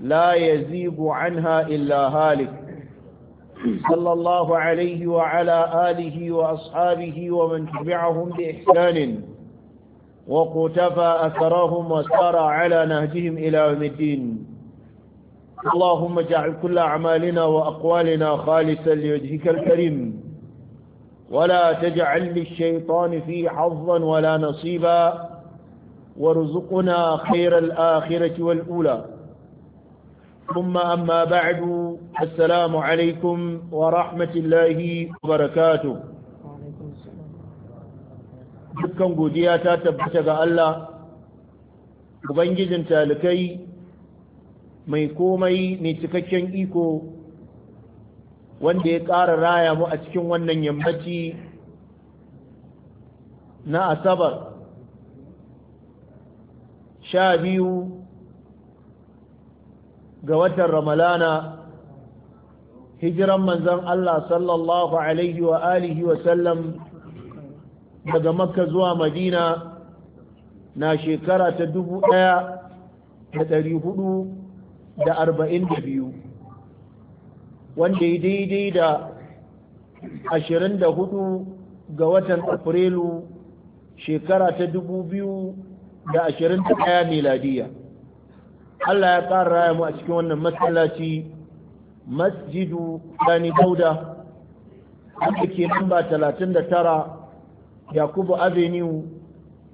لا يزيغ عنها إلا هالك صلى الله عليه وعلى آله وأصحابه ومن تبعهم بإحسان وقتفى أثرهم وسار على نهجهم إلى يوم الدين اللهم اجعل كل أعمالنا وأقوالنا خالصا لوجهك الكريم ولا تجعل للشيطان فيه حظا ولا نصيبا وارزقنا خير الآخرة والأولى ثم أما بعد السلام عليكم ورحمة الله وبركاته dukkan godiya ta tabbata ga Allah ubangijin talikai mai komai ne cikakken iko wanda ya ƙara raya mu a cikin wannan yammaci na asabar sha biyu ga watan ramalana hijiran manzan Allah sallallahu alaihi wa alihi wa sallam daga makka zuwa madina na shekara ta dubu ɗaya da dari hudu da arba'in da biyu wanda ya daidai da ashirin da hudu ga watan afrilu shekara ta dubu biyu da ashirin da ɗaya miladiyya Allah ya ƙara raya mu a cikin wannan masallaci masjidu Gani Dauda wanda ke namba tara Yakubu Avenue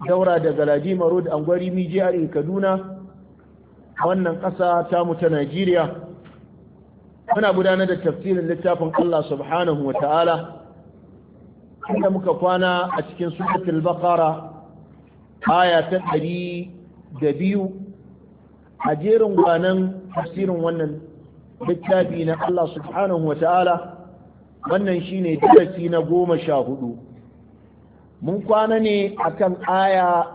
daura da Galadima Road Angwari Mijiyar e, Kaduna wannan ƙasa ta mu ta Najeriya muna gudanar da tafsirin littafin Allah subhanahu wa ta'ala inda muka kwana a cikin suratul baqara aya ta biyu. a jerin gwanan tafsirin wannan littafi na Allah subhanahu wa ta'ala wannan shine darasi na goma sha hudu mun kwana ne akan aya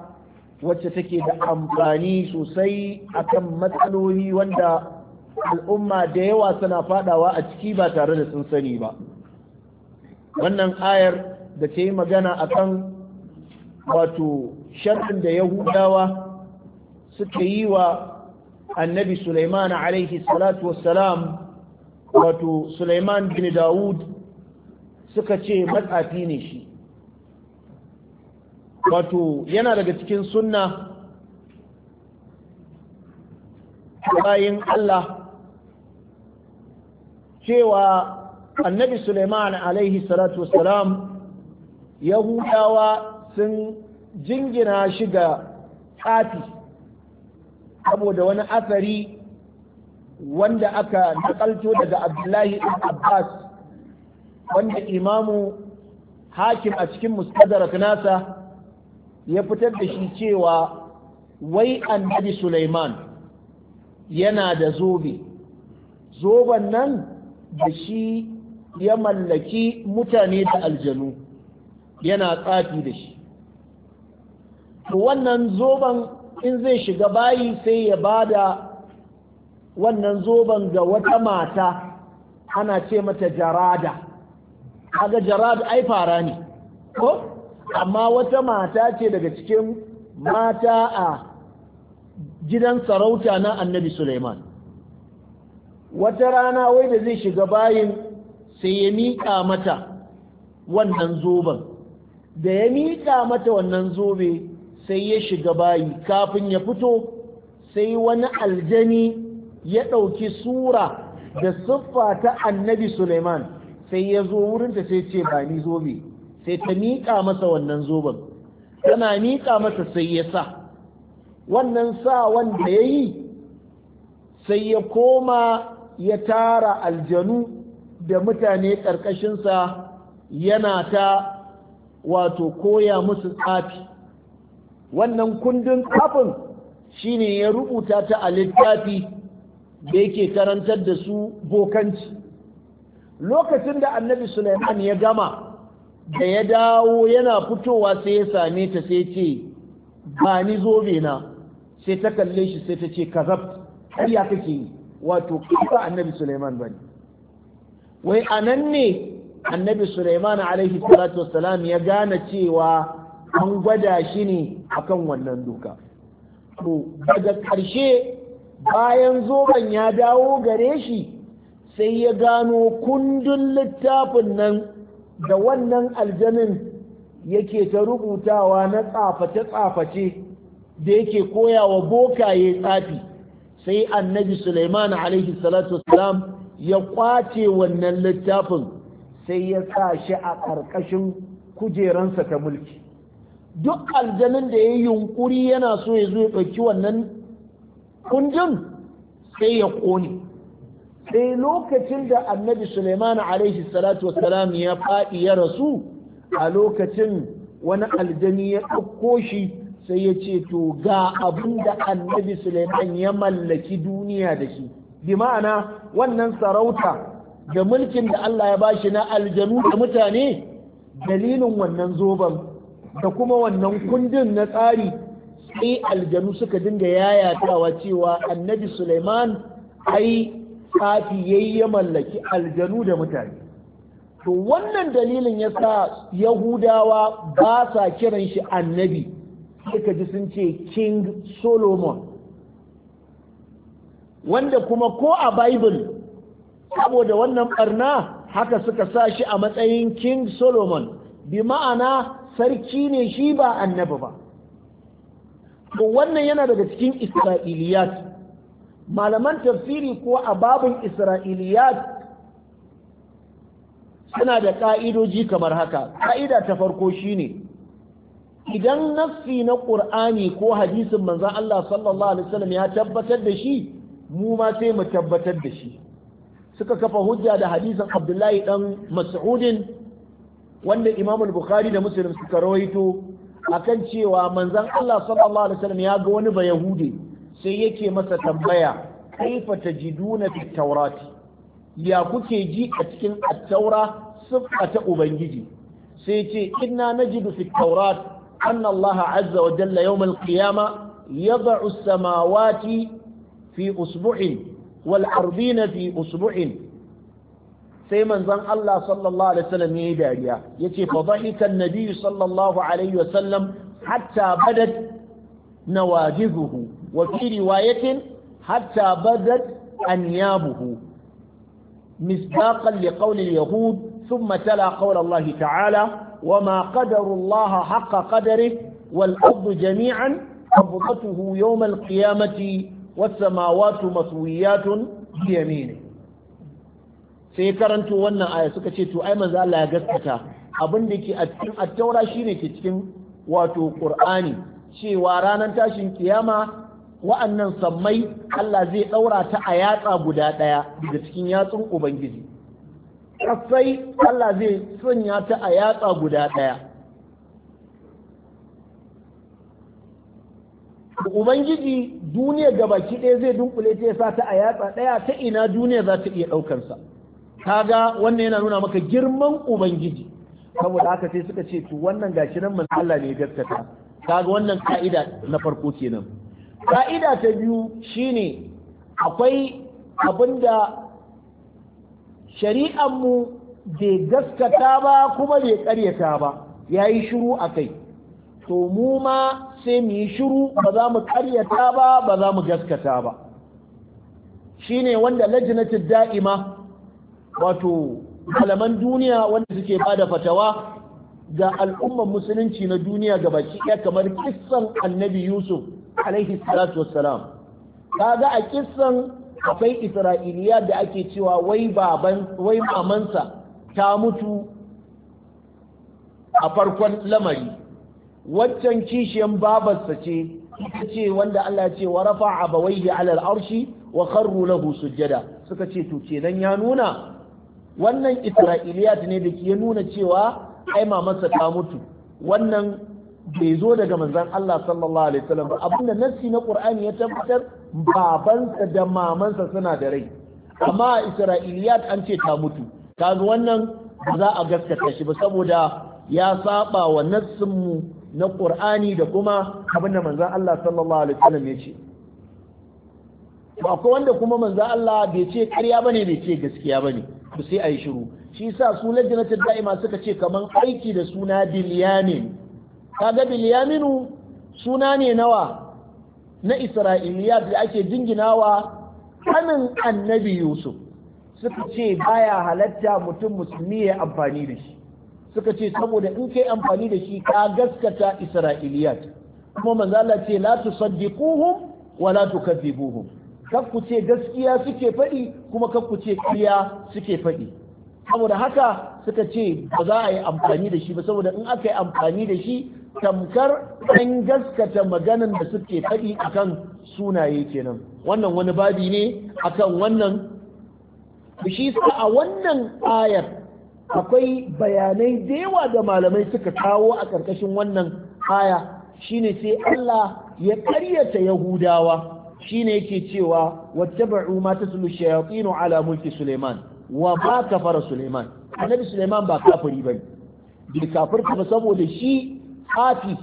wacce take da amfani sosai akan matsaloli wanda al'umma da yawa suna fadawa a ciki ba tare da sun sani ba wannan ayar da ta yi magana akan wato sharrin da yahudawa suka yi wa annabi Sulaiman alaihi salatu wassalam wato Sulaiman bin Daud suka ce matsafi ne shi wato yana daga cikin sunna bayin Allah cewa annabi Sulaiman alaihi salatu wassalam yahudawa sun jingina shi ga tsafi saboda wani asari wanda aka nakalto daga abdullahi ibn abbas wanda imamu hakim a cikin mustadrak nasa ya fitar da shi cewa wai annabi Sulaiman yana da zobe zoben nan da shi ya mallaki mutane da aljanu yana tsafi da shi wannan zoben in zai shiga bayi sai ya ba da wannan zoben ga wata mata ana ce mata jarada kaga jarada ai fara ne ko amma wata mata ce daga cikin mata a gidan sarauta na annabi suleiman wata rana wai da zai shiga bayin sai ya miƙa mata wannan zoben da ya miƙa mata wannan zobe sai ya shiga bayi kafin ya fito sai wani aljani ya ɗauki sura da siffa ta annabi Suleiman sai ya zo wurinta sai ce ba ni zobe sai ta miƙa masa wannan zoben tana miƙa masa sai ya sa wannan sa wanda ya yi sai ya koma ya tara aljanu da mutane ƙarƙashinsa yana ta wato koya musu tsafi wannan kundin kafin shine ya rubuta ta a littafi da yake karantar da su bokanci lokacin da annabi Sulaiman ya gama da ya dawo yana fitowa sai ya same ta sai ce ba ni zobe na sai ta kalle shi sai ta ce kazab ya kake yi wato ba annabi Sulaiman bane wai anan ne annabi Sulaiman alaihi salatu ya gane cewa an gwada shi ne a kan wannan doka to daga ƙarshe bayan zoben ya dawo gare shi sai ya gano kundin littafin nan da wannan aljanin yake ta rubutawa na tsaface-tsaface da yake koya koyawa bokaye tsafi sai annabi suleiman alaihi salatu wasalam ya kwace wannan littafin sai ya sa shi a ƙarƙashin kujeransa ta mulki duk aljanin da ya yi yunkuri yana so ya zo ya ɗauki wannan kundin sai ya ƙone sai lokacin da annabi suleiman alaihi salatu wasalam ya faɗi ya rasu a lokacin wani aljani ya ɗauko shi sai ya ce to ga abin da annabi suleiman ya mallaki duniya da shi bi ma'ana wannan sarauta da mulkin da allah ya bashi na aljanu da mutane dalilin wannan zoben da kuma wannan kundin na tsari sai aljanu suka dinga yayatawa cewa annabi Suleiman ai tsafi yayi ya mallaki aljanu da mutane to wannan dalilin ya sa yahudawa ba sa kiran shi annabi suka ji sun ce king solomon wanda kuma ko a bible saboda wannan barna haka suka sa shi a matsayin king solomon bi ma'ana sarki ne shi ba annabi ba to wannan yana daga cikin isra'iliyat malaman tafsiri ko a babin isra'iliyat suna da ƙa'idoji kamar haka ƙa'ida ta farko shine idan nassi na ƙur'ani ko hadisin manzan Allah sallallahu alaihi wasallam ya tabbatar da shi mu ma sai mu tabbatar da shi suka kafa hujja da hadisin abdullahi dan mas'udin wanda Imam Bukhari da Muslim suka rawaito akan cewa manzon Allah sallallahu alaihi wasallam ya ga wani ba sai yake masa tambaya kaifa tajiduna fi tawrati ya kuke ji a cikin at-taura sifa ta ubangiji sai ce inna najidu fi taurat anna Allah azza wa jalla yawm al-qiyamah yad'u as-samawati fi usbu'in wal ardina fi usbu'in sai manzon Allah sallallahu alaihi wasallam yayi dariya yace fa dhahika an-nabiy sallallahu alaihi wasallam hatta badat nawajibuhu wa fi hata hatta badat anyabuhu misbaqan liqawl al-yahud thumma tala Allah ta'ala wa ma qadara Allah haqq qadarihi wal ard jami'an qabdatuhu yawm al-qiyamati was samawati maswiyatun bi yaminihi sai karanto wannan aya suka ce to ai manzo Allah ya gaskata abin da ke a cikin attaura shine ke cikin wato qur'ani cewa ranar tashin kiyama wa'annan sammai Allah zai daura ta a yatsa guda daya daga cikin yatsun ubangiji kasai Allah zai sanya ta a yatsa guda daya Ubangiji duniya gabaki ɗaya zai dunkule ta ya sa ta a yatsa ɗaya ta ina duniya za ta iya ɗaukansa. kaga wannan yana nuna maka girman ubangiji saboda haka sai suka ce to wannan gashi nan man Allah ne gaskata kaga wannan ka'ida na farko kenan ka'ida ta biyu shine akwai abinda shari'an mu bai gaskata ba kuma bai ƙaryata ba yayi shiru akai to mu ma sai mu yi shiru ba za mu ƙaryata ba ba za mu gaskata ba shine wanda lajnatul da'ima wato malaman duniya wanda suke bada fatawa ga al'ummar musulunci na duniya ga baki ɗaya kamar kissan annabi yusuf alaihi salatu wassalam kaga a kissan akwai isra'iliya da ake cewa wai baban wai mamansa ta mutu a farkon lamari waccan kishiyan babarsa ce ita ce wanda Allah ce wa rafa'a bawaihi alal arshi wa kharru lahu sujjada suka ce to kenan ya nuna wannan isra'iliyat ne da ke nuna cewa ai mamansa ta mutu wannan bai zo daga manzon Allah sallallahu alaihi wasallam ba abinda nassi na Qur'ani ya tabbatar babansa da mamansa suna da rai amma isra'iliyat an ce ta mutu kaga wannan ba za a gaskata shi ba saboda ya saba wa nassin na Qur'ani da kuma abinda manzon Allah sallallahu alaihi wasallam ya ce ba akwai wanda kuma manzon Allah bai ce ba bane bai ce gaskiya bane to sai a yi shiru shi sa su lajinatar da'ima suka ce kaman aiki da suna bilyamin kaga bilyaminu suna ne nawa na isra'iliya da ake jinginawa kanin annabi yusuf suka ce baya halatta mutum musulmi ya amfani da shi suka ce saboda in kai amfani da shi ka gaskata isra'iliyat kuma manzala ce la tusaddiquhum wa la tukadibuhum kakku ce gaskiya suke faɗi kuma kakku ce kariya suke faɗi saboda haka suka ce ba za a yi amfani da shi ba saboda in aka yi amfani da shi tamkar an gaskata maganan da suke faɗi akan sunaye kenan wannan wani babi ne akan wannan shi a wannan ayar akwai bayanai da yawa da malamai suka kawo a ƙarƙashin wannan aya shine sai Allah ya ƙaryata Yahudawa shine yake cewa wattaba'u ma taslu shayatin ala mulki Suleiman wa ba kafara Suleiman annabi Suleiman ba kafiri bane bai kafirta ba saboda shi hafi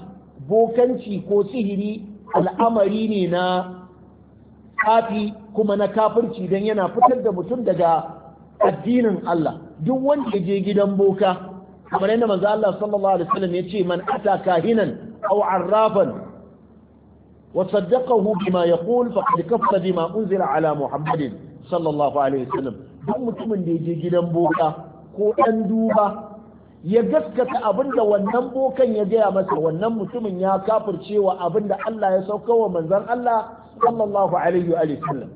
bokanci ko sihiri al'amari ne na hafi kuma na kafirci dan yana fitar da mutum daga addinin Allah duk wanda je gidan boka kamar yadda manzo Allah sallallahu alaihi wasallam ya ce man ata kahinan aw arrafan وصدقه بما يقول فقد كفر بما أنزل على محمد صلى الله عليه وسلم دم متمن دي جي جدن بوكا ko ɗan duba ya gaskata abin da wannan bokan ya gaya masa wannan mutumin ya kafircewa abin da Allah ya sauka wa manzon Allah sallallahu alaihi wa sallam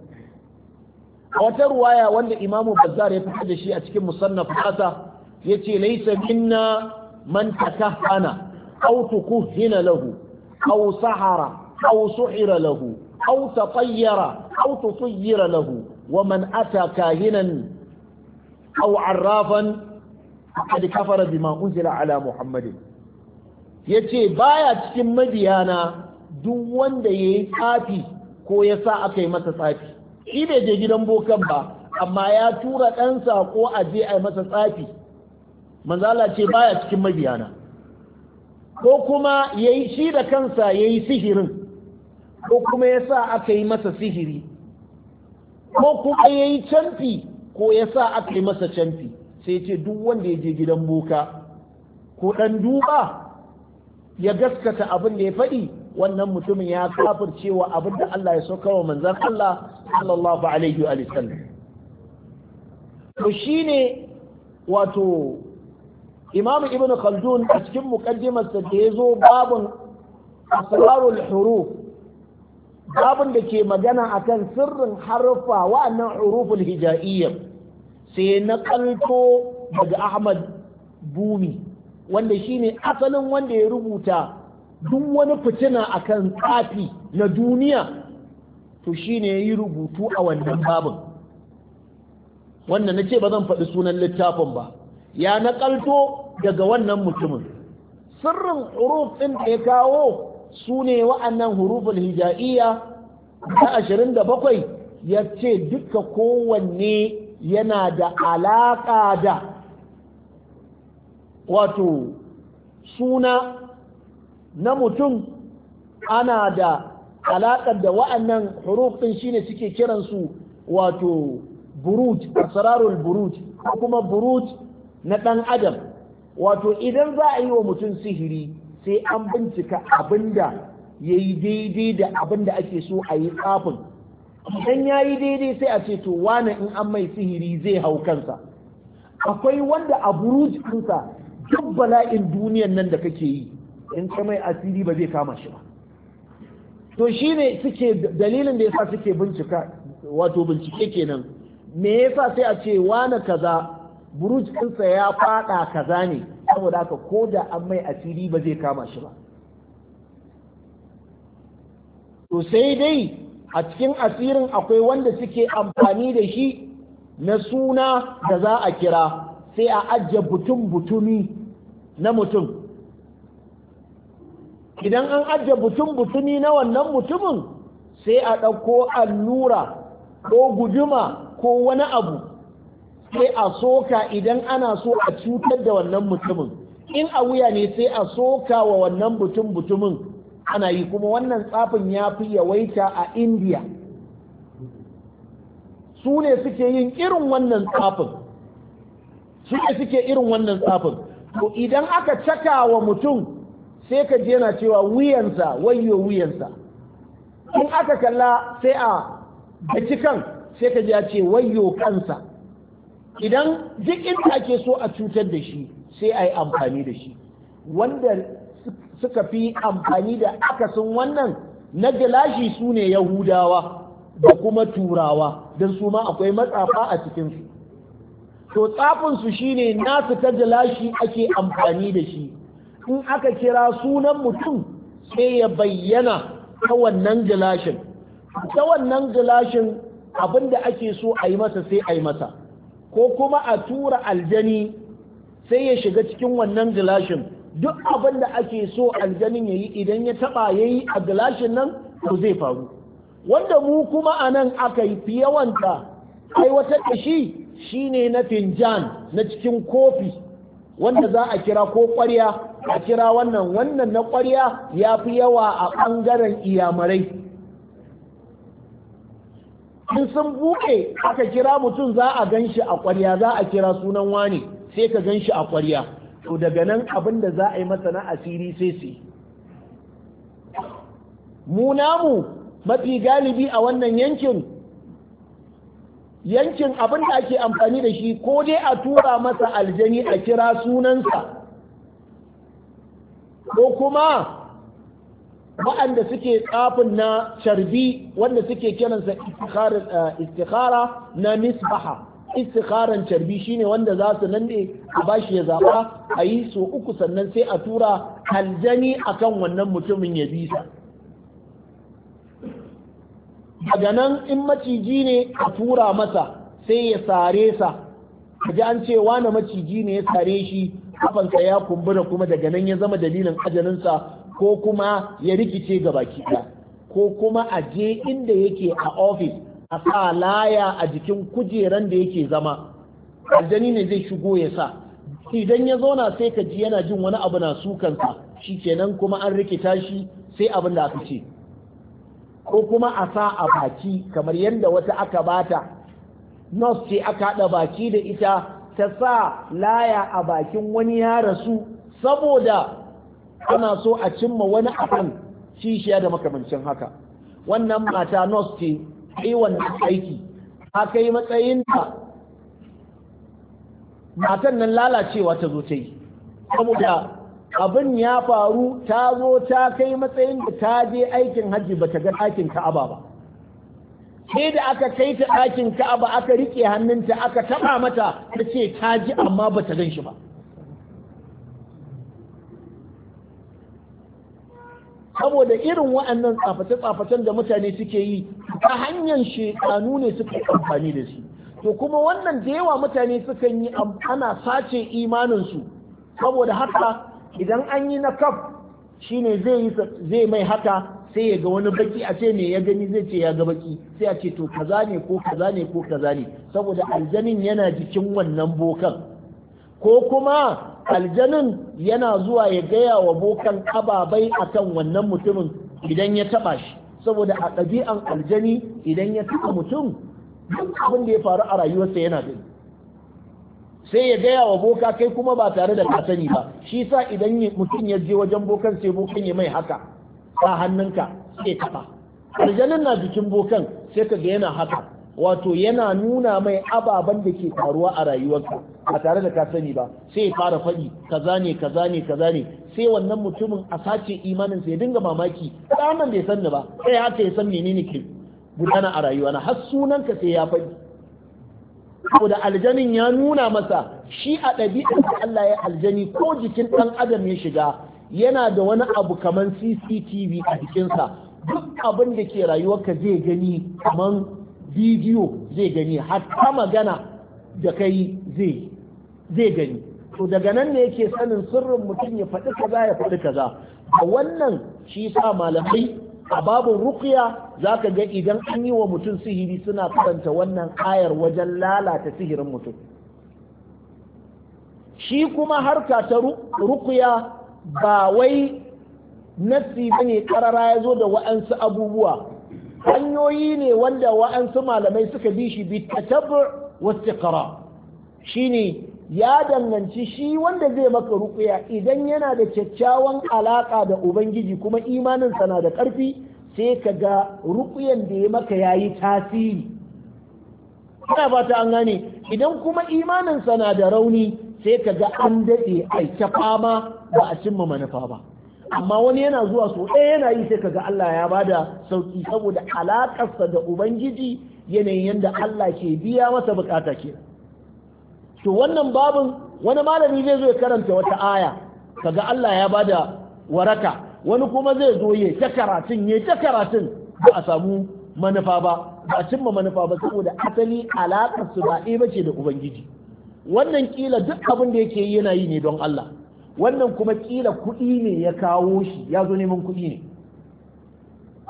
a wata ruwaya wanda imamu bazzar ya fitar da shi a cikin musannaf ƙasa ya ce laisa minna man takahana aw tukuhina lahu Au sahara أو سحر له أو تطير أو تطير له ومن أتى كاهنا أو عرافا فقد كفر بما أنزل على محمد yace baya cikin mabiyana duk wanda ya yi tsafi ko ya sa aka yi masa tsafi shi bai je gidan bokan ba amma ya tura ɗansa ko a je a yi masa tsafi manzala ce baya cikin mabiyana ko kuma ya yi shi da kansa ya yi sihirin ko kuma ya sa aka yi masa sihiri ko kuma ya yi canfi ko ya sa aka yi masa canfi sai ce duk wanda ya je gidan boka ko ɗan duba ya gaskata abin da ya faɗi wannan mutumin ya cewa abin da Allah ya sauka wa manzan Allah sallallahu alaihi wa sallam to shine wato imamu Ibn khaldun a cikin muqaddimarsa da ya zo babun asrarul huruf babin da ke magana akan sirrin harfa wa'annan huruful hijaiyya sai na kalto daga Ahmad Bumi wanda shine asalin wanda ya rubuta duk wani fitina akan tsafi na duniya to shine yi rubutu a wannan babin wannan nace ba zan faɗi sunan littafin ba ya naƙalto daga wannan mutumin sirrin huruf ɗin da ya kawo su ne wa'annan hurufin hija'iyya ta 27 ya ce duka kowanne yana da alaƙa da wato suna na mutum ana da alaƙar da wa'annan hurufin shine suke kiransu wato buruj asrarul buruj kuma buruj na ɗan adam wato idan za a yi wa mutum sihiri sai an bincika abinda ya yi daidai da abinda ake so a yi tsafin idan ya yi daidai sai a ce to wane in an mai sihiri zai hau kansa akwai wanda a burujinsa duk bala'in duniyan nan da kake yi in ka mai asiri ba zai kama shi ba to ne suke dalilin da yasa suke bincika wato bincike kenan me yasa sai a ce wane kaza burujinsa ya faɗa kaza ne saboda haka ko da an mai asiri ba zai kama shi ba to sai dai a cikin asirin akwai wanda suke amfani da shi na suna da za a kira sai a ajiye butun-butumi na mutum idan an ajiye butun-butumi na wannan mutumin sai a ɗauko allura ko guduma ko wani abu sai a soka idan ana so a cutar da wannan mutumin in a wuya ne sai a soka wa wannan mutum-mutumin. ana yi kuma wannan tsafin ya fi yawaita a indiya su ne suke yin irin wannan tsafin su ne suke irin wannan tsafin to idan aka caka wa mutum sai ka je na cewa wuyansa wayo wuyansa in aka kalla sai a da kan sai ka ce wayo kansa idan duk inda ake so a cutar da shi sai a yi amfani da shi wanda suka fi amfani da akasin wannan na gilashi su ne yahudawa da kuma turawa don su ma akwai matsafa a cikinsu to tsafinsu shi ne nasu ta gilashi ake amfani da shi in aka kira sunan mutum sai ya bayyana ta wannan gilashin ta wannan gilashin abinda ake so a yi masa sai a yi masa ko kuma a tura aljani sai ya shiga cikin wannan gilashin duk abin da ake so aljanin ya yi idan ya taba ya yi a gilashin nan to zai faru wanda mu kuma a nan aka yi fi yawanta wata da shi shine na finjan na cikin kofi wanda za a kira ko kwarya a kira wannan wannan na kwarya ya fi yawa a ɓangaren iyamarai in sun buɗe aka kira mutum za a gan shi a ƙwarya za a kira sunan wani sai ka gan shi a ƙwarya to daga nan abin da za a yi masa na asiri sai sai mu namu mafi galibi a wannan yankin yankin abin da ake amfani da shi ko dai a tura masa aljani a kira sunansa ko kuma waɗanda suke tsafin na carbi wanda suke kiransa istikhara eh, na misbaha istikharan carbi shine wanda za su nan ne a bashi ya zaɓa a yi so uku sannan sai a tura aljani kan wannan mutumin ya bi sa daga nan in maciji ne a tura masa sai ya sare sa kaji an ce wani maciji ne ya sare shi kafansa ya kumbura kuma daga nan ya zama dalilin ajaninsa ko kuma ya rikice ga baki ko kuma a je inda yake a ofis a sa laya a jikin kujeran da yake zama aljani ne zai shigo ya sa idan ya zauna sai ka ji yana jin wani abu na sukansa shi kenan kuma an rikita shi sai abin da aka ce ko kuma a sa a baki kamar yadda wata aka bata nos ce aka haɗa baki da ita ta sa laya a bakin wani ya rasu saboda ana so a cimma wani akan kishiya da makamancin haka wannan mata nos ce yi wannan aiki ta kai matsayin da matan nan lalacewa ta zo ta yi saboda abin ya faru ta zo ta kai matsayin da ta je aikin hajji ba ta ga ɗakin ka'aba ba sai da aka kai ta ɗakin ka'aba aka riƙe hannunta aka taɓa mata ta ce ta ji amma ba ta gan shi ba saboda irin waɗannan tsaface-tsafacen da mutane suke yi ta hanyar shekanu ne suke amfani da shi to kuma wannan da yawa mutane sukan yi ana sace imaninsu saboda haka idan an yi na kaf shine zai zai mai haka sai ya ga wani baki a ce me ya gani zai ce ya ga baki sai a ce to kaza ne ko kaza ne ko kaza ne saboda aljanin yana jikin wannan bokan ko kuma aljanin yana zuwa ya gaya wa bokan ababai akan wannan mutumin idan ya taba shi saboda a ɗabi'an aljani idan ya taba mutum duk abin da ya faru a rayuwarsa yana gani sai ya gaya wa boka kai kuma ba tare da ka sani ba shi sa idan mutum ya je wajen bokan sai bokan ya mai haka sa hannunka sai taba aljanin na jikin bokan sai ka ga yana haka wato yana nuna mai ababen da ke faruwa a rayuwarka a tare da ka sani ba sai ya fara faɗi ka zane, ka zane, kaza ne sai wannan mutumin a sace imanin ya dinga mamaki ɗanan bai sanni ba sai haka ya san menene ke gudana a rayuwa na har sunanka sai ya faɗi saboda aljanin ya nuna masa shi a ɗabi'a, da Allah ya aljani ko jikin ɗan adam ya shiga yana da wani abu kamar CCTV a jikinsa duk abin da ke rayuwarka zai gani kamar bidiyo zai gani hatta magana da kai zai zai gani to daga nan ne yake sanin sirrin mutum ya faɗi kaza ya faɗi kaza a wannan shi sa malamai a babin ruqya zaka ga idan an yi wa mutum sihiri suna karanta wannan ayar wajen lalata sihirin mutum shi kuma harka ta ruqya ba wai nasi bane karara ya zo da wa'ansu abubuwa hanyoyi ne wanda wa'ansu malamai suka bi shi bi tatabbu Shi shine ya danganci shi wanda zai maka rukuya idan yana da kyakkyawan alaka da ubangiji kuma imaninsa na da karfi sai ka ga rukuyan da ya maka yayi tasiri ana fata an gane idan kuma imaninsa na da rauni sai ka ga an daɗe ai ta fama ba a cimma manufa ba amma wani yana zuwa so ɗaya yana yi sai kaga Allah ya bada sauki saboda alakarsa da ubangiji yanayin yadda Allah ke biya masa bukata ke to wannan babin wani malami zai zo ya karanta wata aya kaga Allah ya bada waraka wani kuma zai zo ya ta karatun ya ta karatun ba a samu manufa ba ba a cimma manufa ba saboda asali alaƙarsa ba ɗaya bace da ubangiji wannan kila duk abin da yake yi yana yi ne don Allah wannan kuma kila kuɗi ne ya kawo shi ya zo neman kuɗi ne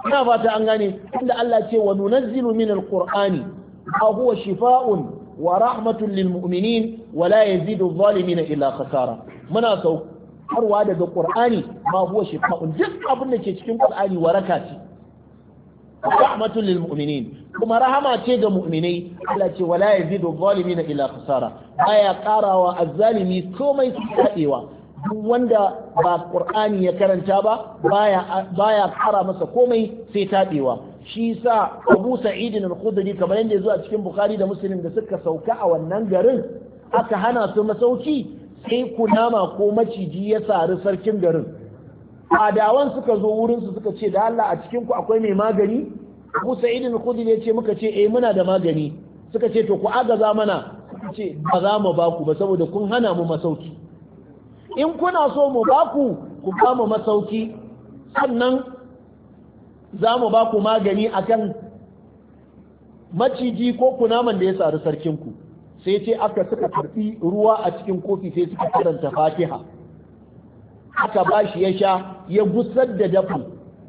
ina fata an gane inda Allah ce wa nunazzilu min alqur'ani ma huwa shifaa'un wa rahmatun lil mu'minin wa la yazidu adh-dhalimin illa khasara muna saukarwa daga qur'ani ma huwa shifaa'un duk abin da ke cikin qur'ani waraka ce rahmatun lil mu'minin kuma rahama ce ga mu'minai Allah ce wala yazidu adh-dhalimin illa khasara baya karawa azzalimi komai su kadewa duk wanda ba qur'ani ya karanta ba baya baya kara masa komai sai tabewa shi sa Abu Sa'id al-Khudri kamar yadda yazo a cikin Bukhari da Muslim da suka sauka a wannan garin aka hana su masauki sai kunama ko maciji ya sari sarkin garin adawan suka zo wurin su suka ce da Allah a cikin ku akwai mai magani Abu Sa'id al-Khudri ya ce muka ce eh muna da magani suka ce to ku agaza mana suka ce ba za mu ba ku ba saboda kun hana mu masauki in kuna so mu ba ku ba mu masauki sannan za mu ba ku magani akan maciji ko kunaman da ya sari sarkinku sai ce aka suka karfi ruwa a cikin kofi sai suka karanta fatiha aka ba shi ya sha ya gusar da dafu.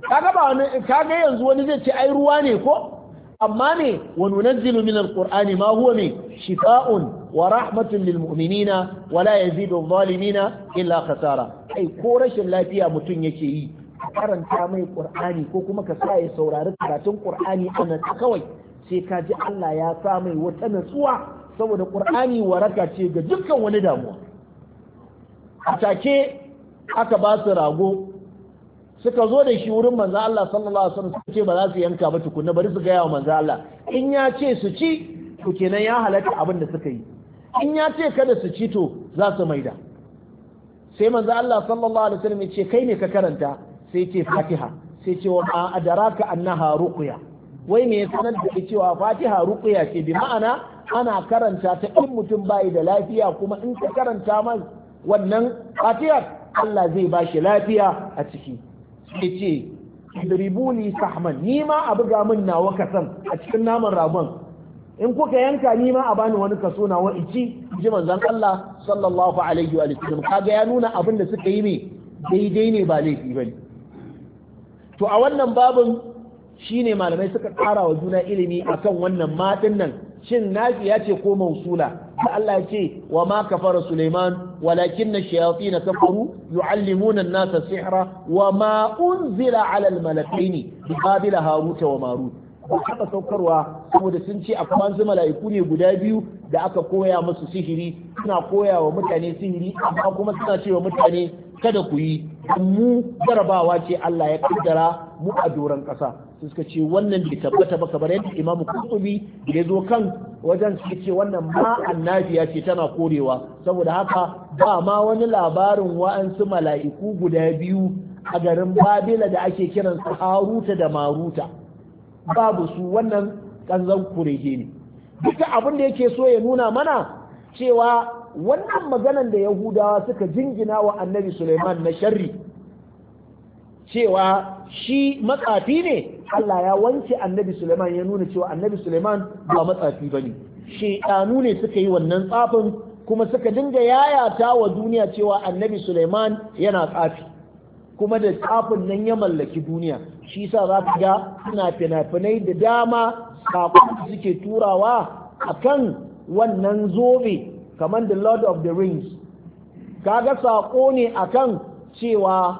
kaga ba yanzu wani zai ce ai ruwa ne ko amma ne wa nunazzilu min alqur'ani ma huwa ne shifa'un wa rahmatun lil mu'minina wa la yazidu adh illa ko rashin lafiya mutum yake yi karanta mai qur'ani ko kuma ka sa ya saurari karatun qur'ani ana kawai sai ka ji Allah ya sa mai wata natsuwa saboda qur'ani waraka ce ga dukkan wani damuwa a take aka ba su rago suka zo da shi wurin manzo Allah sallallahu alaihi wasallam suka ce ba za su yanka ba tukunna bari su ga yawa manzo Allah in ya ce su ci to kenan ya halatta abin da suka yi in ya ce kada su cito za su maida sai manzo Allah sallallahu alaihi wasallam ya ce kai ne ka karanta sai ce Fatiha sai ce wa adraka annaha ruqya wai me ya sanar da cewa Fatiha ruqya ce bi ma'ana ana karanta ta in mutum bai da lafiya kuma in ka karanta mai wannan Fatiha Allah zai ba shi lafiya a ciki sai ce idribuni sahman ni ma a buga min nawa kasan a cikin naman ragon in kuka yanka ni ma a bani wani kaso na wani ci ji manzon Allah sallallahu alaihi wa sallam kaga ya nuna abin da suka yi ne daidai ne ba laifi bane to a wannan babin shine malamai suka ƙara wa juna ilimi akan wannan maɗin nan shin ya ce ko mausula da Allah ya ce wa ma kafara Sulaiman na shayatin kafaru yu'allimuna an-nasa sihra wa ma unzila 'ala al-malakaini bi Babila Harut wa Marut ba taɓa saukarwa saboda sun ce akwai wansu mala'iku ne guda biyu da aka koya musu sihiri suna koya wa mutane sihiri amma kuma suna cewa mutane kada ku yi mu jarabawa ce Allah ya kaddara mu a doron ƙasa suka ce wannan bai tabbata ba kamar yadda Imam Qurtubi da zo kan wajen suka ce wannan ma annabiya ce tana korewa saboda haka ba ma wani labarin wa'ansu mala'iku guda biyu a garin Babila da ake kiransu Haruta da Maruta babu su wannan kanzan kurege ne duka abin da yake so ya nuna mana cewa wannan maganan da yahudawa suka jingina wa annabi suleiman na sharri cewa shi matsafi ne Allah ya wanke annabi suleiman ya nuna cewa annabi suleiman ba matsafi ba ne shekanu ne suka yi wannan tsafin kuma suka dinga yayata wa duniya cewa annabi suleiman yana tsafi kuma da kafin nan ya mallaki duniya shi sa za ka ga suna fina-finai da dama sakon suke turawa a kan wannan zobe kamar the lord of the rings kaga sako ne a kan cewa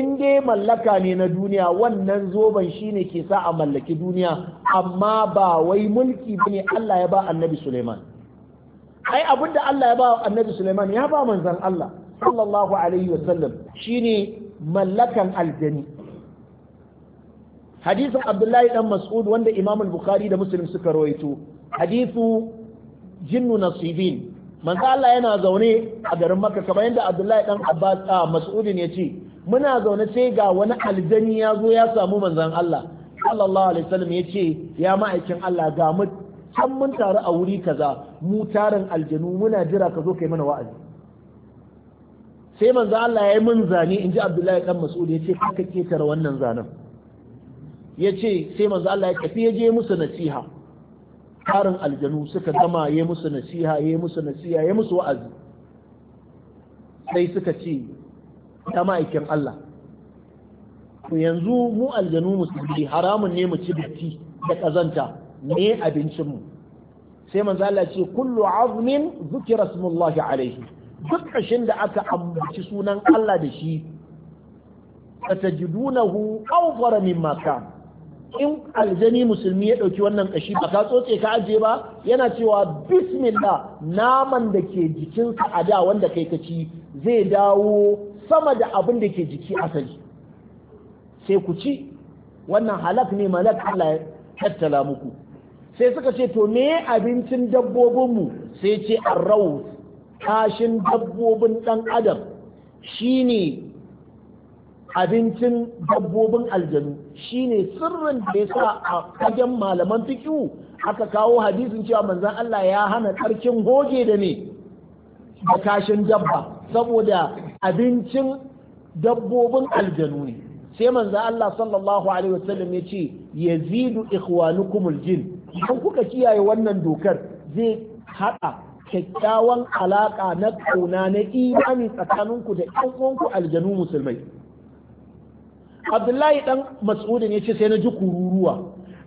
in dai mallaka ne na duniya wannan zoben shine ke sa a mallaki duniya amma ba wai mulki ba ne Allah ya ba annabi Suleiman ai abinda Allah ya ba annabi Suleiman ya ba manzan Allah sallallahu alaihi wasallam shine mallakan aljani hadisin abdullahi dan mas'ud wanda imam al-bukhari da muslim suka rawaito hadisu jinnu nasibin manzo Allah yana zaune a garin Makka kamar yadda Abdullahi dan Abbas a ah, Mas'udin ce, muna zaune sai ga wani aljani ya zo ya samu manzon Allah sallallahu alaihi wasallam ce, ya ma'aikin Allah ga mu can mun taru a wuri kaza mu tarin aljanu muna jira ka zo kai mana wa'azi sai manzo Allah ya yi min zane in ji Abdullahi dan Mas'ud ya ce kaka ketare wannan zanen ya ce sai manzo Allah ya tafi ya je musu nasiha karin aljanu suka gama ya musu nasiha ya musu nasiha ya musu wa'azi sai suka ce ta ma'aikin Allah to yanzu mu aljanu musulmi haramun ne mu ci datti da kazanta ne abincinmu sai manzo Allah ya ce kullu azmin zikra smullahi alaihi duk ƙashin da aka ambaci sunan Allah da shi fatajidunahu awfara min makan in aljani musulmi ya ɗauki wannan ƙashi ba ka tsotse ka aje ba yana cewa bismillah naman da ke jikinsa a da wanda kai kaci zai dawo sama da abin da ke jiki asali sai ku ci wannan halak ne malak Allah ya tattala muku sai suka ce to me abincin dabbobinmu sai ce arraus kashin dabbobin ɗan adam shine abincin dabbobin aljanu shine sirrin da ya sa a fagen malaman fikiyu aka kawo hadisin cewa manzan Allah ya hana karkin goge da ne da kashin dabba saboda abincin dabbobin aljanu ne sai manzan Allah sallallahu alaihi wasallam ya ce ya yazidu ikhwanukumul jin idan kuka kiyaye wannan dokar zai haɗa kyakkyawan alaƙa na ƙauna na imani tsakaninku da ƴan uwanku aljanu musulmai abdullahi dan mas'udin ya ce sai na ji kururuwa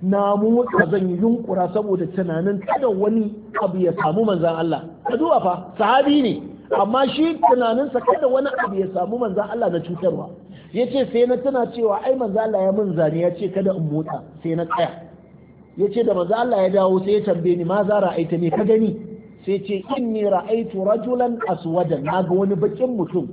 na motsa zan yi yunkura saboda tunanin kada wani abu ya samu manzan Allah ka duba fa sahabi ne amma shi tunaninsa kada wani abu ya samu manzan Allah na cutarwa ya ce sai na tana cewa ai manzan Allah ya min zane ya ce kada in motsa sai na tsaya ya ce da manzan Allah ya dawo sai ya tambaye ni ma zara aita me ka gani sai ce inni ra'aitu rajulan na ga wani bakin mutum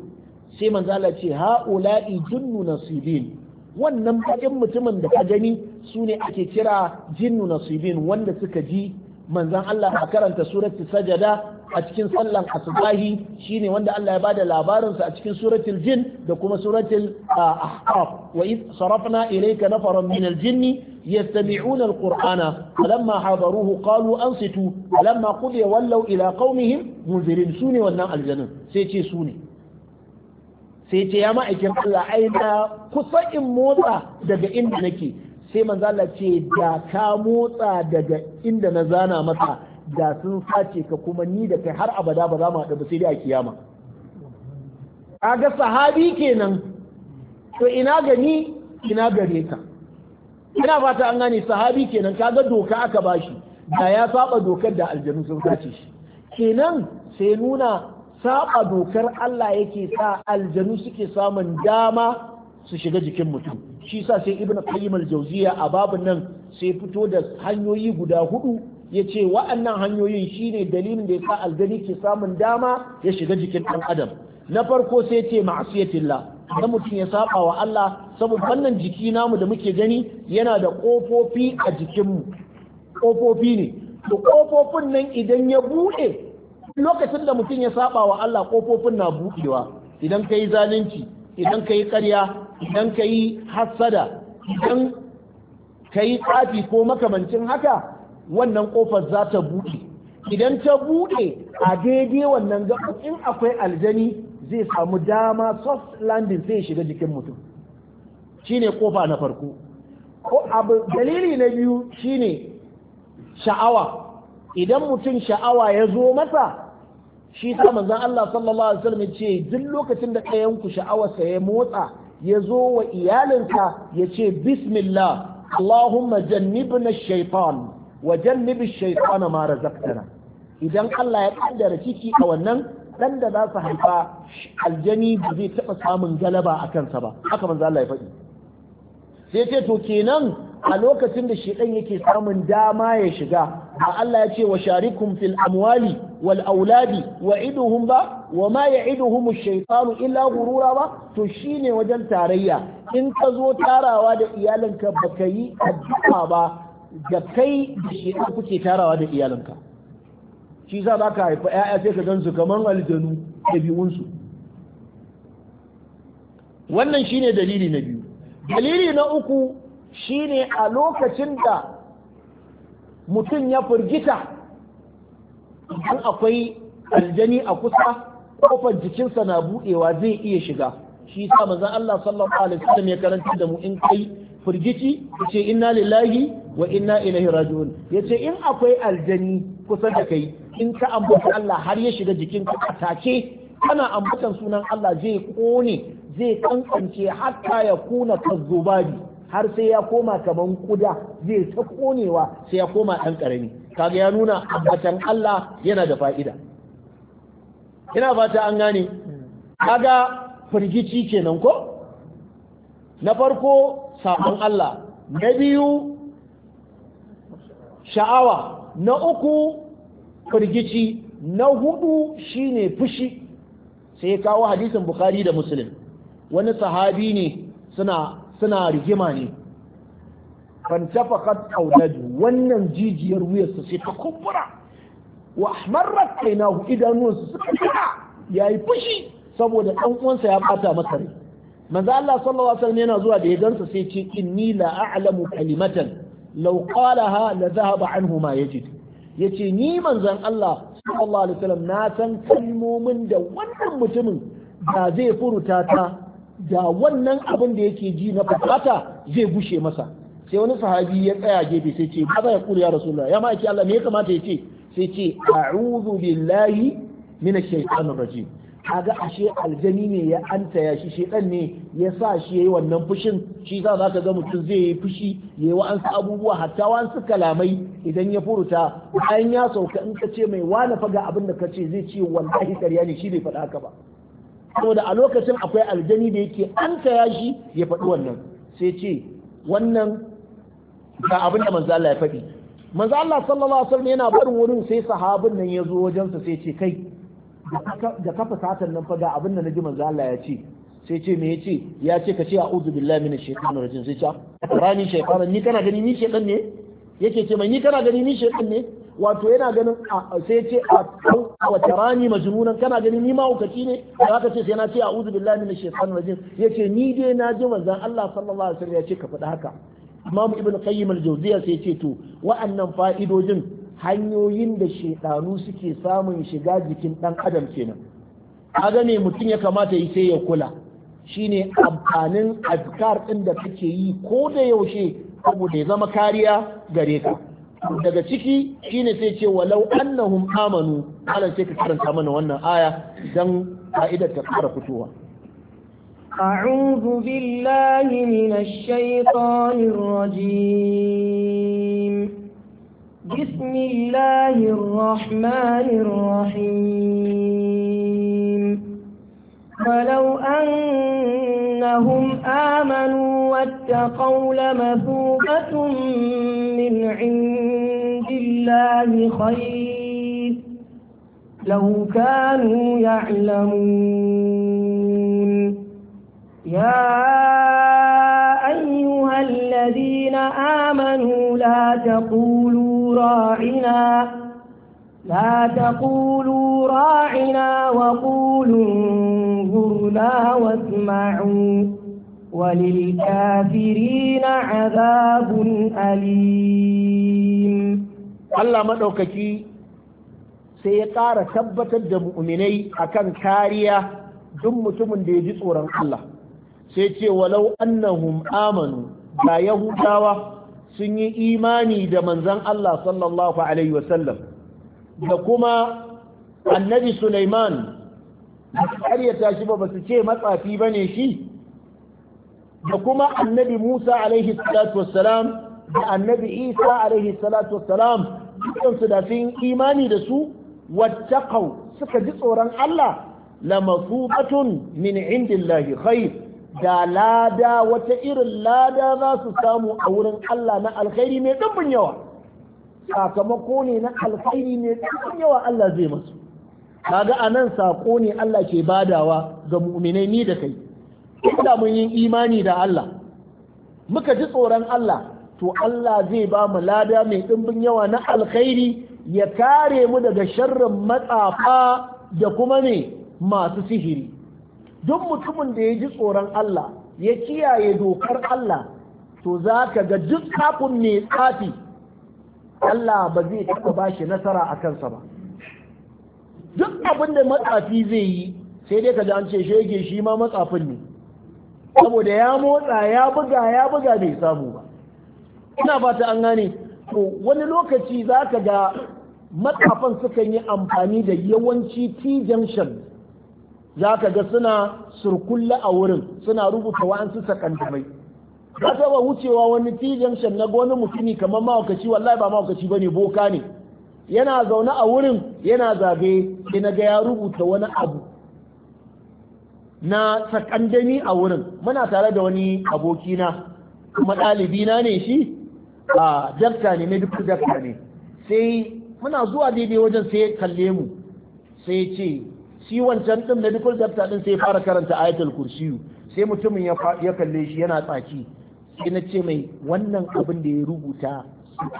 sai manzo Allah ce haula'i jinnu nasibin wannan bakin mutumin da ka gani sune ake kira jinnu nasibin wanda suka ji manzon Allah a karanta suratul sajada a cikin sallan asubahi shine wanda Allah ya bada labarinsa a cikin suratul jin da kuma suratul ahqaf wa id sarafna ilayka nafaran min al-jinn yastami'una al-qur'ana falamma hadaruhu qalu ansitu falamma qudiya wallaw ila qaumihim munzirin sune wannan aljanun sai ce sune sai ce ya ma'aikin Allah ai na kusa in motsa daga inda nake sai manzo Allah ce da ka motsa daga inda na zana masa. da sun sace ka kuma ni da kai har abada ba za mu haɗu ba sai dai a kiyama kaga sahabi kenan to ina gani ina gare ka ina fata an gane sahabi kenan kaga doka aka bashi da ya saba dokar da aljanu sun sace shi kenan sai nuna saba dokar Allah yake sa aljanu suke samun dama su shiga jikin mutum shi sa sai ibnu qayyim al-jawziya a babun nan sai fito da hanyoyi guda hudu ya ce wa'annan hanyoyin shine dalilin da ya sa aljani ke samun dama ya shiga jikin ɗan adam na farko sai ce ma'asiyatillah da mutum ya saba wa Allah saboda wannan jiki namu da muke gani yana da ƙofofi a jikinmu ƙofofi ne to ƙofofin nan idan ya buɗe lokacin da mutum ya saba wa Allah ƙofofin na buɗewa idan ka yi zalunci idan ka yi ƙarya idan ka yi hassada idan ka yi tsafi ko makamancin haka wannan kofar za ta buɗe idan ta buɗe a daidai wannan gaɓar in akwai aljani zai samu dama soft landing zai shiga jikin mutum shine kofa na farko abu dalili na biyu shine sha'awa idan mutum sha'awa ya zo masa shi ta manzan Allah sallallahu alaihi wasallam ce duk lokacin da ɗayan ku sha'awarsa ya motsa ya zo wa iyalinsa ya ce bismillah Allahumma jannibna shaitan wajen jannibi shaytana ma razaqtana idan Allah ya kaddara ciki a wannan dan da za su haifa aljani ba zai taɓa samun galaba a kansa ba haka manzo Allah ya faɗi sai ce to kenan a lokacin da shedan yake samun dama ya shiga ba Allah ya ce wa sharikum fil amwali wal auladi wa iduhum ba wa ma ya'iduhum ash-shaytanu illa ghurura ba to shine wajen tarayya in ka zo tarawa da iyalinka baka yi addu'a ba da kai da shi kuke tarawa da iyalanka shi za ba ka haifa 'ya'ya sai ka gansu kamar aljanu biyunsu wannan shi ne dalili na biyu dalili na uku shi ne a lokacin da mutum ya firgita idan akwai aljani a kusa kofar jikinsa na buɗewa zai iya shiga shi sa manzon Allah sallallahu alaihi wasallam ya karanta da mu in kai firgici ce inna lillahi wa inna ilaihi raji'un yace in akwai aljani kusa da kai in ka ambata Allah har ya shiga jikinka a take kana ambatan sunan Allah zai kone zai kankance hatta ya kuna kazzubabi har sai ya koma kaman kuda zai ta konewa sai ya koma dan karami kaga ya nuna ambatan Allah yana da fa'ida ina fata an gane kaga firgici kenan ko na farko sabon Allah na biyu sha'awa na uku firgici na hudu shine fushi sai kawo hadisin bukhari da muslim wani sahabi ne suna suna rigima ne fantafaqat awladu wannan jijiyar wuyarsa sai ta kumbura wa ahmarrat aynahu idanunsa suka ya yayi fushi saboda ɗan uwansa ya bata masa rai manzo Allah sallallahu alaihi wasallam yana zuwa da yagansa sai ce inni la a'lamu kalimatan law qalaha la dhahaba anhu ma yajid yace ni manzon Allah sallallahu alaihi wasallam na san kalmomin da wannan mutumin da zai furuta ta da wannan abin da yake ji na fata zai gushe masa sai wani sahabi ya tsaya gefe sai ce ba za ya kula ya rasulullah ya yake Allah me ya kamata ya ce sai ce a'udhu billahi minash shaitanir rajim ga ashe aljani ne ya anta ya shi shedan ne ya sa shi yayi wannan fushin shi za za ka ga mutum zai yi fushi yayi wa'ansu abubuwa hatta wa'ansu kalamai idan ya furuta bayan ya sauka in ka ce mai wani faga abin da ka ce zai ce wallahi ƙarya ne shi bai faɗa haka ba saboda a lokacin akwai aljani da yake anta ya shi ya faɗi wannan sai ce wannan ga abin da manzo Allah ya faɗi manzo Allah sallallahu alaihi wasallam yana barin wurin sai sahabin nan ya zo wajensa sai ce kai da kafa satan nan faga abin da naji manzo Allah ya ce sai ce me ya ce? ya ce ka ce a'udhu billahi minash shaitanir rajim sai ce rani shaytan ni kana gani ni shaytan ne yake ce mai ni kana gani ni shaytan ne wato yana ganin sai ce a wata rani majnunan kana gani ni mahaukaci ne da ka ce sai na ce a'udhu billahi minash shaitanir rajim yace ni dai na ji manzon Allah sallallahu alaihi wasallam ya ce ka faɗi haka Imam Ibn Qayyim al-Jawziyya sai ce to wa'annan fa'idojin hanyoyin da shaidanu suke samun shiga jikin ɗan adam kenan a ne mutum ya kamata yi sai ya kula shine amfanin azkar ɗin da kake yi ko da yaushe saboda ya zama kariya gare ka daga ciki shine sai ce walau annahum amanu Allah sai ka karanta mana wannan aya dan fa'idar ta fara fitowa أعوذ Billahi na الشيطان الرجيم بسم الله الرحمن الرحيم ولو أنهم آمنوا واتقوا لمثوبة من عند الله خير لو كانوا يعلمون يا أيها الذين آمنوا لا تقولوا راعنا لا تقولوا راعنا وقولوا انظرنا واسمعوا وللكافرين عذاب أليم الله مدوككي سيقار ثبت الدم أمني أكن كاريا دم تمن دي جسورا الله sai ce walau annahum amanu ga yahudawa sun yi imani da manzan Allah sallallahu alaihi wasallam da kuma annabi Sulaiman har ya ba ba su ce matsafi ba ne shi da kuma annabi Musa alaihi salatu wassalam da annabi Isa alaihi salatu wassalam da sun imani da su kau suka ji tsoron Allah lamafubatun min indillahi khair da lada wata irin lada za su samu a wurin Allah na alkhairi mai ɗumbin yawa sakamako ne na alkhairi mai ɗumbin yawa Allah zai masu kaga a nan sako ne Allah ke badawa ga mu'minai ni da kai inda mun yi imani da Allah muka ji tsoron Allah to Allah zai ba mu lada mai ɗumbin yawa na alkhairi ya kare mu daga sharrin matsafa da kuma ne masu sihiri duk mutumin da ya ji tsoron Allah ya kiyaye dokar Allah to za ka ga duk kafin mai tsafi Allah ba zai taɓa ba shi nasara a kansa ba duk abin da matsafi zai yi sai dai ka ji an ce shege shi ma matsafin ne saboda ya motsa ya buga ya buga bai samu ba ina fata an gane to wani lokaci za ka ga matsafan sukan yi amfani da yawanci t junction za ka ga suna surkulle a wurin suna rubuta wa'ansu sakandamai ka ba wucewa wani tijanshan na wani mutumi kamar mawakaci wallahi ba mawakaci ba ne boka ne yana zaune a wurin yana zabe sai na ga ya rubuta wani abu na sakandami a wurin muna tare da wani abokina kuma ɗalibina ne shi a dakta ne mai duk dakta ne sai muna zuwa daidai wajen sai kalle mu sai ce shi wancan din medical doctor din sai fara karanta ayatul kursi sai mutumin ya kalle shi yana tsaki sai na ce mai wannan abin da ya rubuta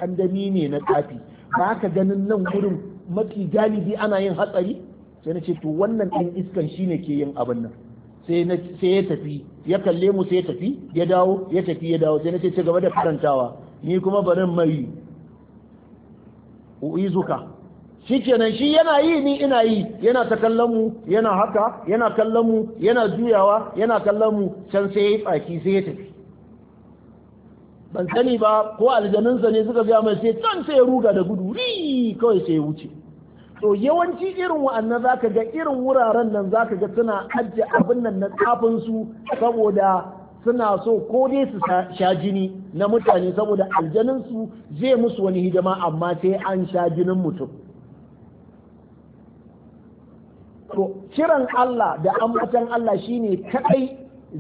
kandami ne na tsafi ba ka ganin nan gurin mafi galibi ana yin hatsari sai na ce to wannan ɗin iskan shi ne ke yin abin nan sai ya tafi ya kalle mu sai ya tafi ya dawo ya tafi ya dawo sai na ce ci gaba da karantawa ni kuma barin mai uizuka shikenan shi yana yi ni ina yi yana ta kallon mu yana haka yana kallon mu yana juyawa yana kallon mu can sai ya tsaki sai ya tafi ban sani ba ko aljanunsa ne suka gaya mai sai can sai ya ruga da gudu ri kawai sai ya wuce to yawanci irin wa'annan za ka ga irin wuraren nan za ka ga suna ajiye abin nan na tsafin su saboda suna so ko dai su sha jini na mutane saboda aljanunsu zai musu wani hidima amma sai an sha jinin mutum to kiran Allah da Amatan Allah shine kadai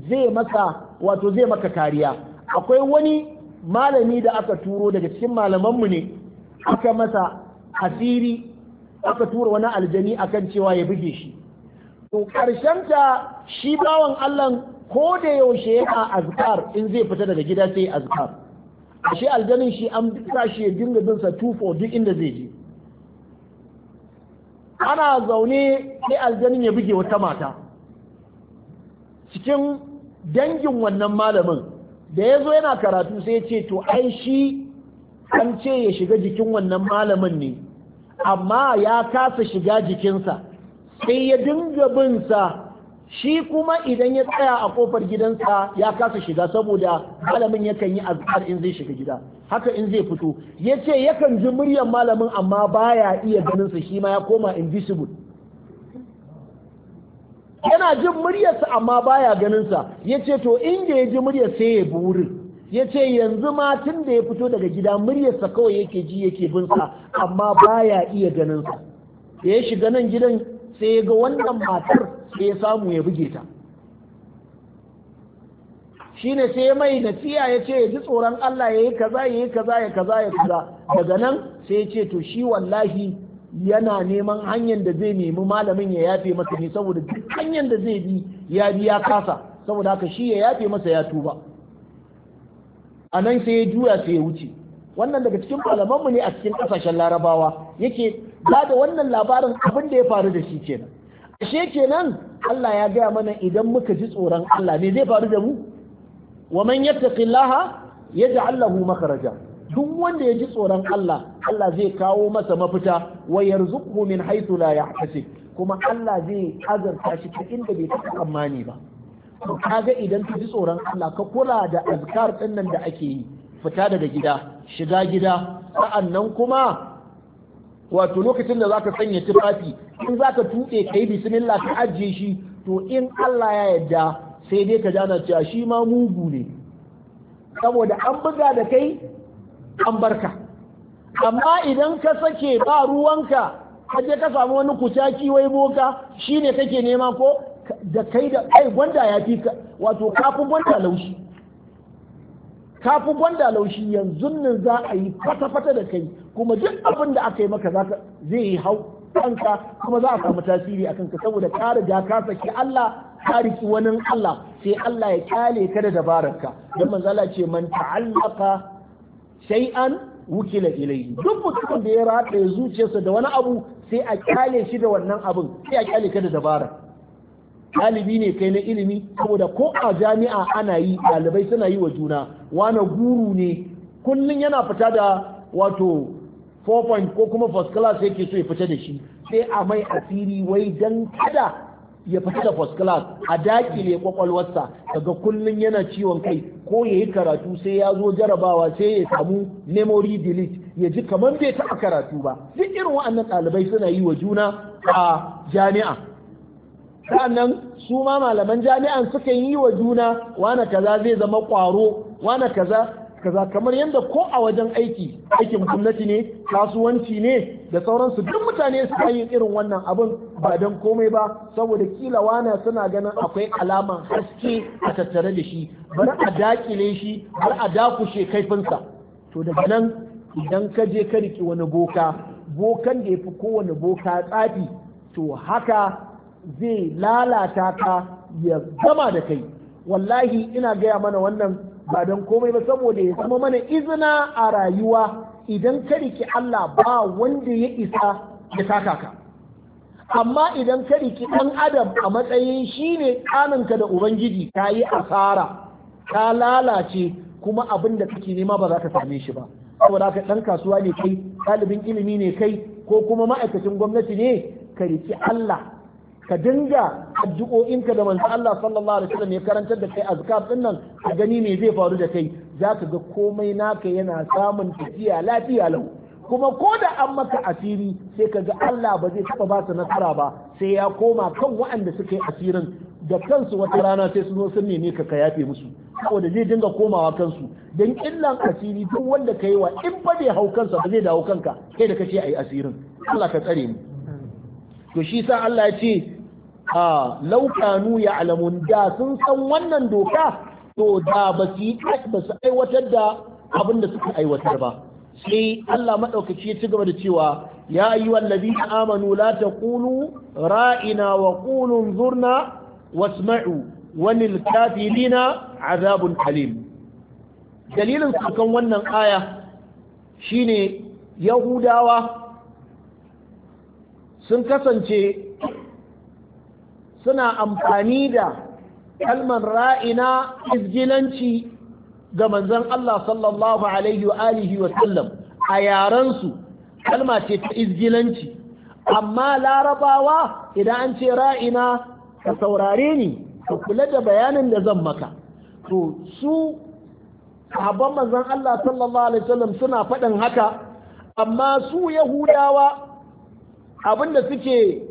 zai masa wato zai maka kariya akwai wani malami da aka turo daga cikin malamanmu ne aka masa asiri aka tura wani aljani akan cewa ya buge shi to ta shi bawan Allah ko da yaushe yana azkar in zai fita daga gida sai azkar A shi aljanin shi an sa shi ya dinga bin sa tufo duk inda zai je ana zaune sai aljanin ya buge wata mata cikin dangin wannan malamin da ya zo yana karatu sai ya ce to ai shi an ce ya shiga jikin wannan malamin ne amma ya kasa shiga jikinsa sai ya dinga binsa shi kuma idan ya tsaya a kofar gidansa ya kasa shiga saboda malamin yakan yi azkar in zai shiga gida haka in zai fito ya ce yakan ji muryar malamin amma baya iya ganinsa shi ma ya koma invisible yana jin muryarsa amma baya ganinsa ya ce to inda ya ji muryar sai ya bi wurin ya ce yanzu ma tun da ya fito daga gida muryarsa kawai yake ji yake binsa amma baya iya ganinsa sa ya shiga nan gidan sai ga wannan matar sai ya samu ya buge ta shine sai mai nasiya ya ce ya ji tsoron Allah ya yi kaza ya yi kaza ya kaza ya kaza daga nan sai ya ce to shi wallahi yana neman hanyar da zai nemi malamin ya yafe masa ne saboda duk hanyar da zai bi ya bi ya kasa saboda haka shi ya yafe masa ya tuba a nan sai ya juya sai ya wuce wannan daga cikin malamanmu ne a cikin kasashen larabawa yake ba da wannan labarin abin da ya faru da shi kenan ashe kenan Allah ya gaya mana idan muka ji tsoron Allah ne zai faru da mu wa man yattaqillaha yaj'al lahu makhraja duk wanda ya ji tsoron Allah Allah zai kawo masa mafita wa yarzuqhu min haythu la yahtasib kuma Allah zai azarta shi ta inda bai taɓa tsammani ba to kaga idan ka ji tsoron Allah ka kula da azkar ɗinnan da ake yi fita daga gida shiga gida sa'annan kuma wato lokacin da zaka sanya tufafi in zaka tuɗe kai bismillah ka ajiye shi to in Allah ya yarda sai dai ka jana cewa shi ma mugu ne saboda an buga da kai an barka amma idan ka sake ba ruwanka ka je ka samu wani kucaki wai boka shine kake nema ko da kai da ai gwanda ya fi wato kafin gwanda laushi ka fi gwanda laushi yanzu nan za a yi fata-fata da kai kuma duk abin da aka yi maka zai yi hau kanka kuma za a samu tasiri a kanka saboda ka riga ka saki Allah ka riki wani Allah sai Allah ya kyale ka da dabararka don manzala ce man ta'allaka shay'an wukila ilayhi duk mutum da ya rataye zuciyarsa da wani abu sai a kyale shi da wannan abin sai a kyale ka da dabarar ɗalibi ne kai na ilimi saboda ko a jami'a ana yi ɗalibai suna yi wa juna wani guru ne kullum yana fita da wato 4 ko kuma first class yake so ya fita da shi sai a mai asiri wai dan kada ya fita da first class a daki ne kwakwalwarsa daga kullum yana ciwon kai ko ya yi karatu sai ya zo jarabawa sai ya samu memory delete ya ji kamar bai taɓa karatu ba duk irin wa'annan ɗalibai suna yi wa juna a jami'a sa'annan su ma malaman jami'an suka yi wa juna wane kaza zai zama kwaro wane kaza kaza kamar yadda ko a wajen aiki aikin gwamnati ne kasuwanci ne da sauransu duk mutane suka yi irin wannan abin ba don komai ba saboda kila wana suna ganin akwai alaman haske a tattare da shi bari a dakile shi bari a dakushe kaifinsa to daga nan idan ka je ka riƙe wani boka bokan da ya fi kowane boka tsafi to haka zai lalata ka ya gama da kai wallahi ina gaya mana wannan ba don komai ba saboda ya zama mana izina a rayuwa idan ka riki Allah ba wanda ya isa ya taka ka amma idan ka riki ɗan adam a matsayin shi ne ƙaninka da ubangiji ka yi asara ka lalace kuma abin da kake nema ba za ka same shi ba saboda ka ɗan kasuwa ne kai ɗalibin ilimi ne kai ko kuma ma'aikacin gwamnati ne ka riki Allah ka dinga addu'o'inka da manzo Allah sallallahu alaihi wasallam ya karantar da kai azkar din nan ka gani me zai faru da kai zaka ga komai naka yana samun tafiya lafiya lau kuma ko da an maka asiri sai ka ga Allah ba zai taɓa baka nasara ba sai ya koma kan waɗanda suka yi asirin da kansu wata rana sai su zo sun neme ka ka yafe musu saboda zai dinga komawa kansu dan illan asiri duk wanda ka wa in ba zai hau kansa ba zai dawo kanka kai da kace ayi asirin Allah ka tsare mu to shi sa Allah ya ce a laukanu ya alamun da sun san wannan doka to da ba su aiwatar da abin da suka aiwatar ba sai Allah maɗaukaci ya ci gaba da cewa ya yi wallazi amanu la ta kulu ra'ina wa kulun zurna wasma'u wani lina azabun alim dalilin sakan wannan aya shine yahudawa sun kasance suna amfani da kalmar ra'ina izgilanci ga manzon Allah sallallahu alaihi a yarensu kalma ce ta izgilanci amma larabawa idan an ce ra'ina ka saurare ni ka kula da bayanin da zan maka to su sahabban manzon Allah sallallahu alaihi wasallam suna faɗin haka amma su yahudawa abinda suke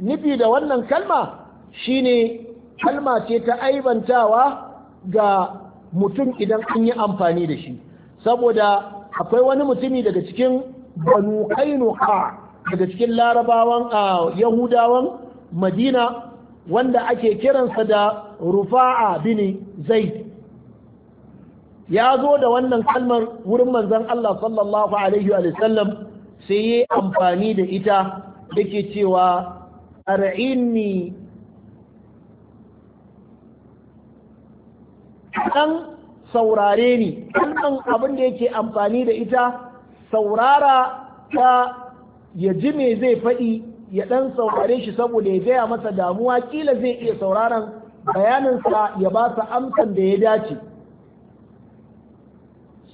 nufi da wannan kalma shine kalma ce ta aibantawa ga mutum idan an yi amfani da shi saboda akwai wani mutumi daga cikin banu kainuka daga cikin larabawan a yahudawan madina wanda ake kiransa da rufa'a bin zaid ya zo da wannan kalmar wurin manzon Allah sallallahu alaihi wa sallam sai yi amfani da ita yake cewa ar'inni ɗan saurare ni ɗan abin da yake amfani da ita saurara ta ya ji me zai faɗi ya ɗan saurare shi saboda ya gaya masa damuwa kila zai iya sauraron bayaninsa ya ba sa amsan da ya dace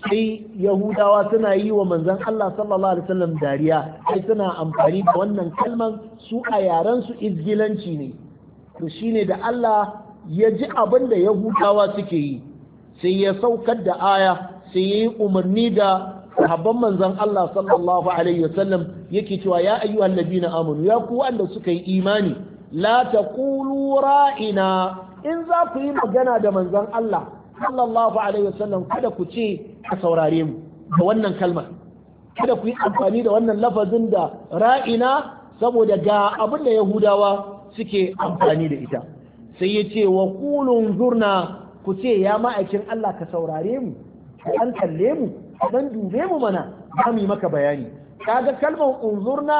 sai yahudawa suna yi wa manzan Allah sallallahu alaihi wasallam dariya sai suna amfani da wannan kalman su a yaran su izgilanci ne to shine da Allah ya ji abin da yahudawa suke yi sai ya saukar da aya sai ya yi umarni da sahabban manzan Allah sallallahu alaihi wasallam yake cewa ya ayyuhal ladina amanu ya ku wanda suka yi imani la taqulu ra'ina in za ku yi magana da manzan Allah sallallahu alaihi wasallam kada ku ce a saurare mu da wannan kalmar kada ku yi amfani da wannan lafazin da ra'ina saboda ga abin da yahudawa suke amfani da ita sai ya ce wa kulun zurna ku ce ya ma'aikin Allah ka saurare mu ka kalle mu dan dube mu mana za mu yi maka bayani kaga kalmar unzurna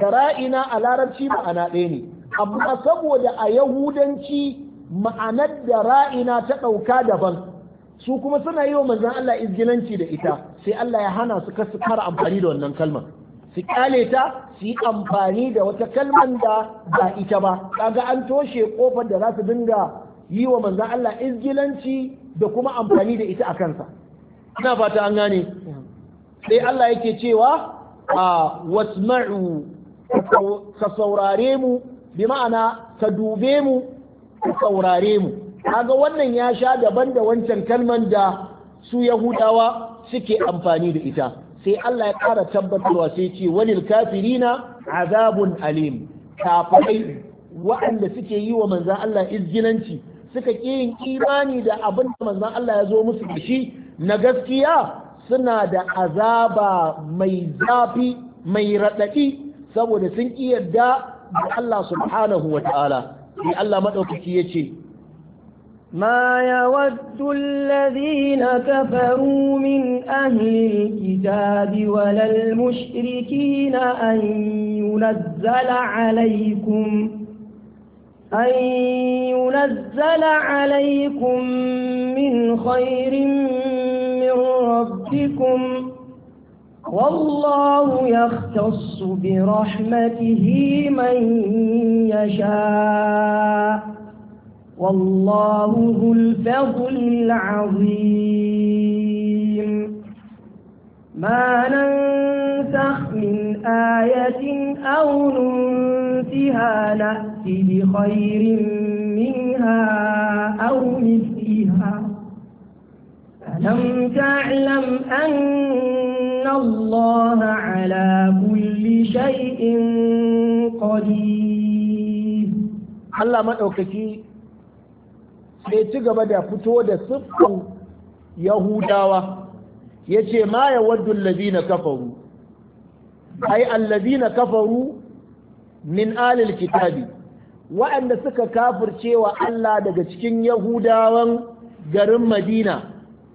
da ra'ina a larabci ma'ana ɗaya ne amma saboda a yahudanci ma'anar da ra'ina ta ɗauka daban su kuma suna yi wa manzan Allah izgilanci da ita sai Allah ya hana su kasu kara amfani da wannan kalmar su kyale ta su yi amfani da wata kalmar da ba ita ba kaga an toshe kofar da za su dinga yi wa manzan Allah izgilanci da kuma amfani da ita a kansa ina fata an gane sai Allah yake cewa a wasma'u ka saurare mu bi ma'ana ka dube mu ka saurare mu kaga wannan ya sha daban da wancan kalman da su yahudawa suke amfani da ita sai Allah ya ƙara tabbatarwa sai ce walil kafirina azabun alim kafirai waɗanda suke yi wa manzan Allah izginanci suka ƙi yin imani da abin da manzan Allah ya zo musu da shi na gaskiya suna da azaba mai zafi mai raɗaɗi saboda sun ƙi yarda da Allah subhanahu wa ta'ala sai Allah maɗaukaki ya ce ما يود الذين كفروا من أهل الكتاب ولا المشركين أن ينزل عليكم أن ينزل عليكم من خير من ربكم والله يختص برحمته من يشاء والله ذو الفضل العظيم ما ننسخ من آية أو ننسها نأتي بخير منها أو مثلها ألم تعلم أن الله على كل شيء قدير الله ما أوكتي sai ci gaba da fito da siffan yahudawa ya ce ma ya waddu na kafaru ai allazina kafaru min alil kitabi waɗanda suka wa Allah daga cikin yahudawan garin madina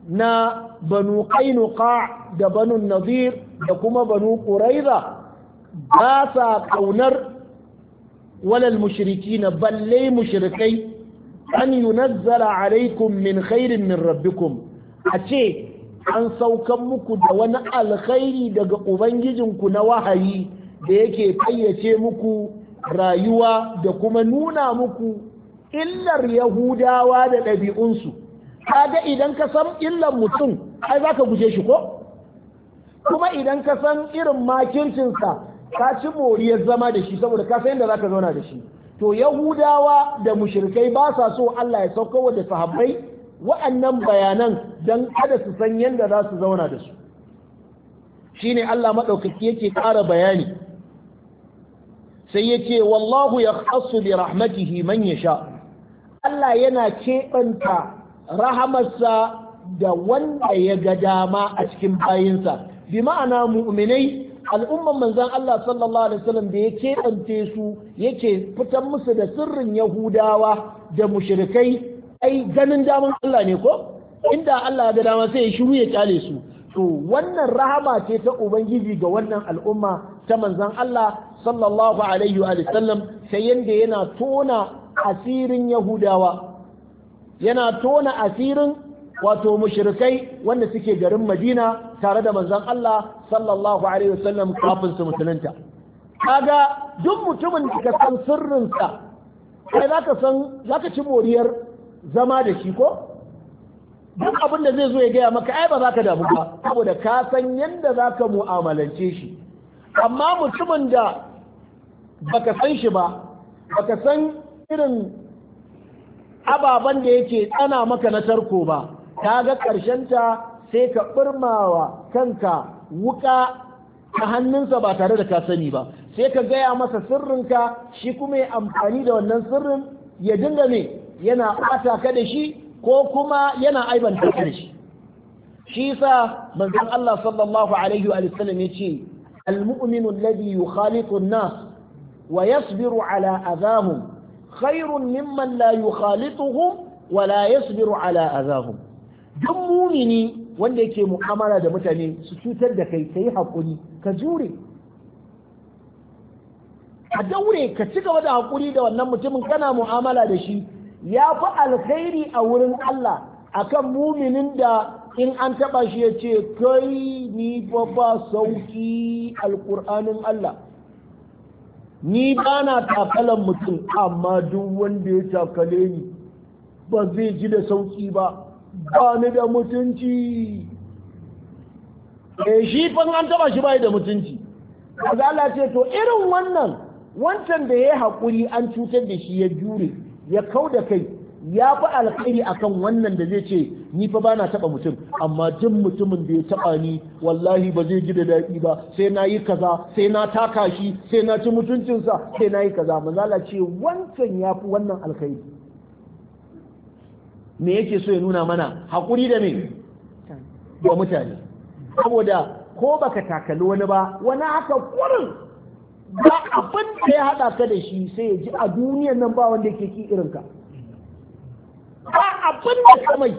na banu qainuqa da banu nadir da kuma banu quraiza ba sa kaunar walal mushriki na balle mushrikai an yunazzala alaikum min khairin min rabbikum a ce an saukan muku da wani alkhairi daga ubangijinku na wahayi da yake fayyace muku rayuwa da kuma nuna muku illar yahudawa da ɗabi'unsu kaga idan ka san illar mutum ai za ka guje shi ko kuma idan ka san irin makincinsa, ka ci moriyar zama da shi saboda ka san yadda za ka zauna da shi to yahudawa da mushrikai ba sa so Allah ya sauko da sahabbai wa'annan bayanan dan kada su san yadda za su zauna da su shine Allah madaukaki yake ƙara bayani sai yace wallahu yakhassu bi rahmatihi man yasha Allah yana keɓanta rahamarsa da wanda ya ga dama a cikin bayinsa bi ma'ana mu'minai al'umman manzan Allah sallallahu alaihi wasallam da ya keɓance su yake fitan musu da sirrin yahudawa da mushrikai ai ganin daman Allah ne ko inda Allah ga dama sai ya shiru ya kyale su to wannan rahama ce ta ubangiji ga wannan al'umma ta manzan Allah sallallahu alaihi wa sallam sai yanda yana tona asirin yahudawa yana tona asirin wato mushrikai wanda suke garin Madina tare da manzon Allah sallallahu alaihi wasallam kafin su musulunta kaga duk mutumin da ka san sirrinsa kai zaka san zaka ci moriyar zama da shi ko duk abin da zai zo ya gaya maka ai ba za ka damu ba saboda ka san yadda zaka mu'amalance shi amma mutumin da baka san shi ba baka san irin ababen da yake tsana maka na tarko ba ƙarshen ta sai ka ɓirmawa kanka wuƙa. ta hannunsa ba tare da ka sani ba sai ka gaya masa sirrinka shi kuma ya amfani da wannan sirrin ya dinga ne yana ɓata ka da shi ko kuma yana aibanta ka da shi shi sa manzon Allah sallallahu alaihi wa sallam yace المؤمن الذي يخالط الناس ويصبر على أذاهم خير ممن لا يخالطهم ولا يصبر على أذاهم duk mumini wanda yake mu'amala da mutane su cutar da kai ka yi haƙuri ka jure a daure ka ci gaba da haƙuri da wannan mutumin kana mu'amala da shi ya fi alkhairi a wurin Allah akan muminin da in an taɓa shi ya ce kai ni ba ba sauki alƙur'anin Allah ni ba na takalan mutum amma duk wanda ya takale ni ba zai ji da sauƙi ba ba ni da mutunci E, shi fin an taba shi bai da mutunci kaza Allah ce to irin wannan wancan da ya haƙuri an cutar da shi ya jure ya kau da kai ya fi alkhairi akan wannan da zai ce ni fa bana taba mutum amma duk mutumin da ya taba ni wallahi ba zai ji da daɗi ba sai na yi kaza sai na taka shi sai na ci mutuncinsa sai na yi kaza manzala ce wancan ya fi wannan alkhairi me yake so ya nuna mana hakuri da me wa mutane saboda ko baka takali wani ba wani haka kurin ba abin da ya haɗa ka da shi sai ya ji a duniyan nan ba wanda yake ki irinka ba abin da mai.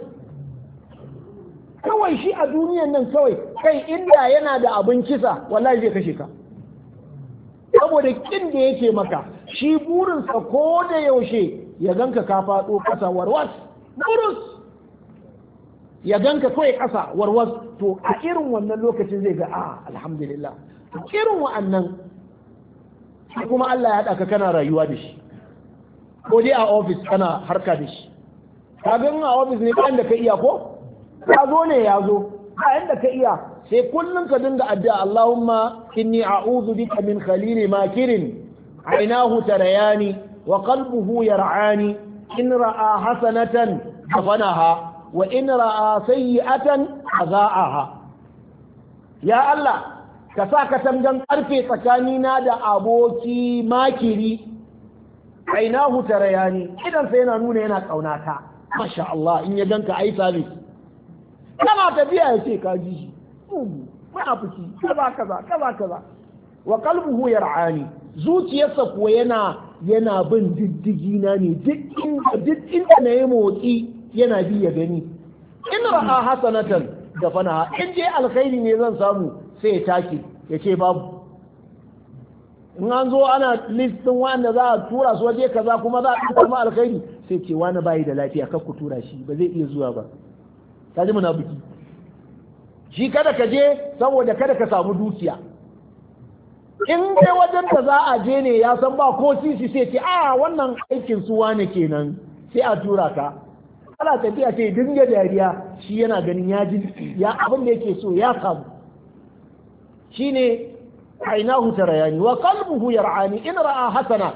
kawai shi a duniyan nan kawai kai inda yana da abin kisa wallahi zai kashe ka saboda kin da yake maka shi burinsa ko da yaushe ya ganka ka faɗo ƙasa warwas burus ya ganka kawai ƙasa warwas to a irin wannan lokacin zai ga ah, a alhamdulillah irin wa'annan kuma Allah ya ɗaka kana rayuwa da shi ko dai a ofis kana harka da shi ka ga a ofis ne kan da ka iya ko ka zo ne ya zo bayan da ka iya sai kullum ka dinga addu'a Allahumma inni a'udhu bika min khalili makirin ainahu tarayani wa qalbuhu yar'ani in ra'a hasanatan dafanaha wa in ra'a sayyi'atan azaaha ya Allah ka sa ka tangan karfe tsakanina da aboki makiri ainahu tarayani idan sai yana nuna yana ta. masha Allah in ya ganka ai sabi kana tafiya ya ce ka ji shi munafiki kaza kaza kaza kaza wa qalbuhu yar'ani zuciyarsa kuwa yana yana bin diddigi na ne duk inda na yi motsi yana bi ya gani in ra'a hasanatan da fanaha in je alkhairi ne zan samu sai ya take ya ce babu in an zo ana list ɗin wanda za a tura su waje kaza kuma za a kuma alkhairi sai ce wani bayi da lafiya kar ku tura shi ba zai iya zuwa ba ka ji buki shi kada ka je saboda kada ka samu dukiya in dai wajen da za a je ne ya san ba ko sisi sai ce a ah, wannan aikin su wane kenan sai a tura ka ana tafiya ce dinga dariya shi yana ganin ya ji ya abin da yake so ya kamu ina ainahu tarayani wa qalbuhu yar'ani in ra'a hasana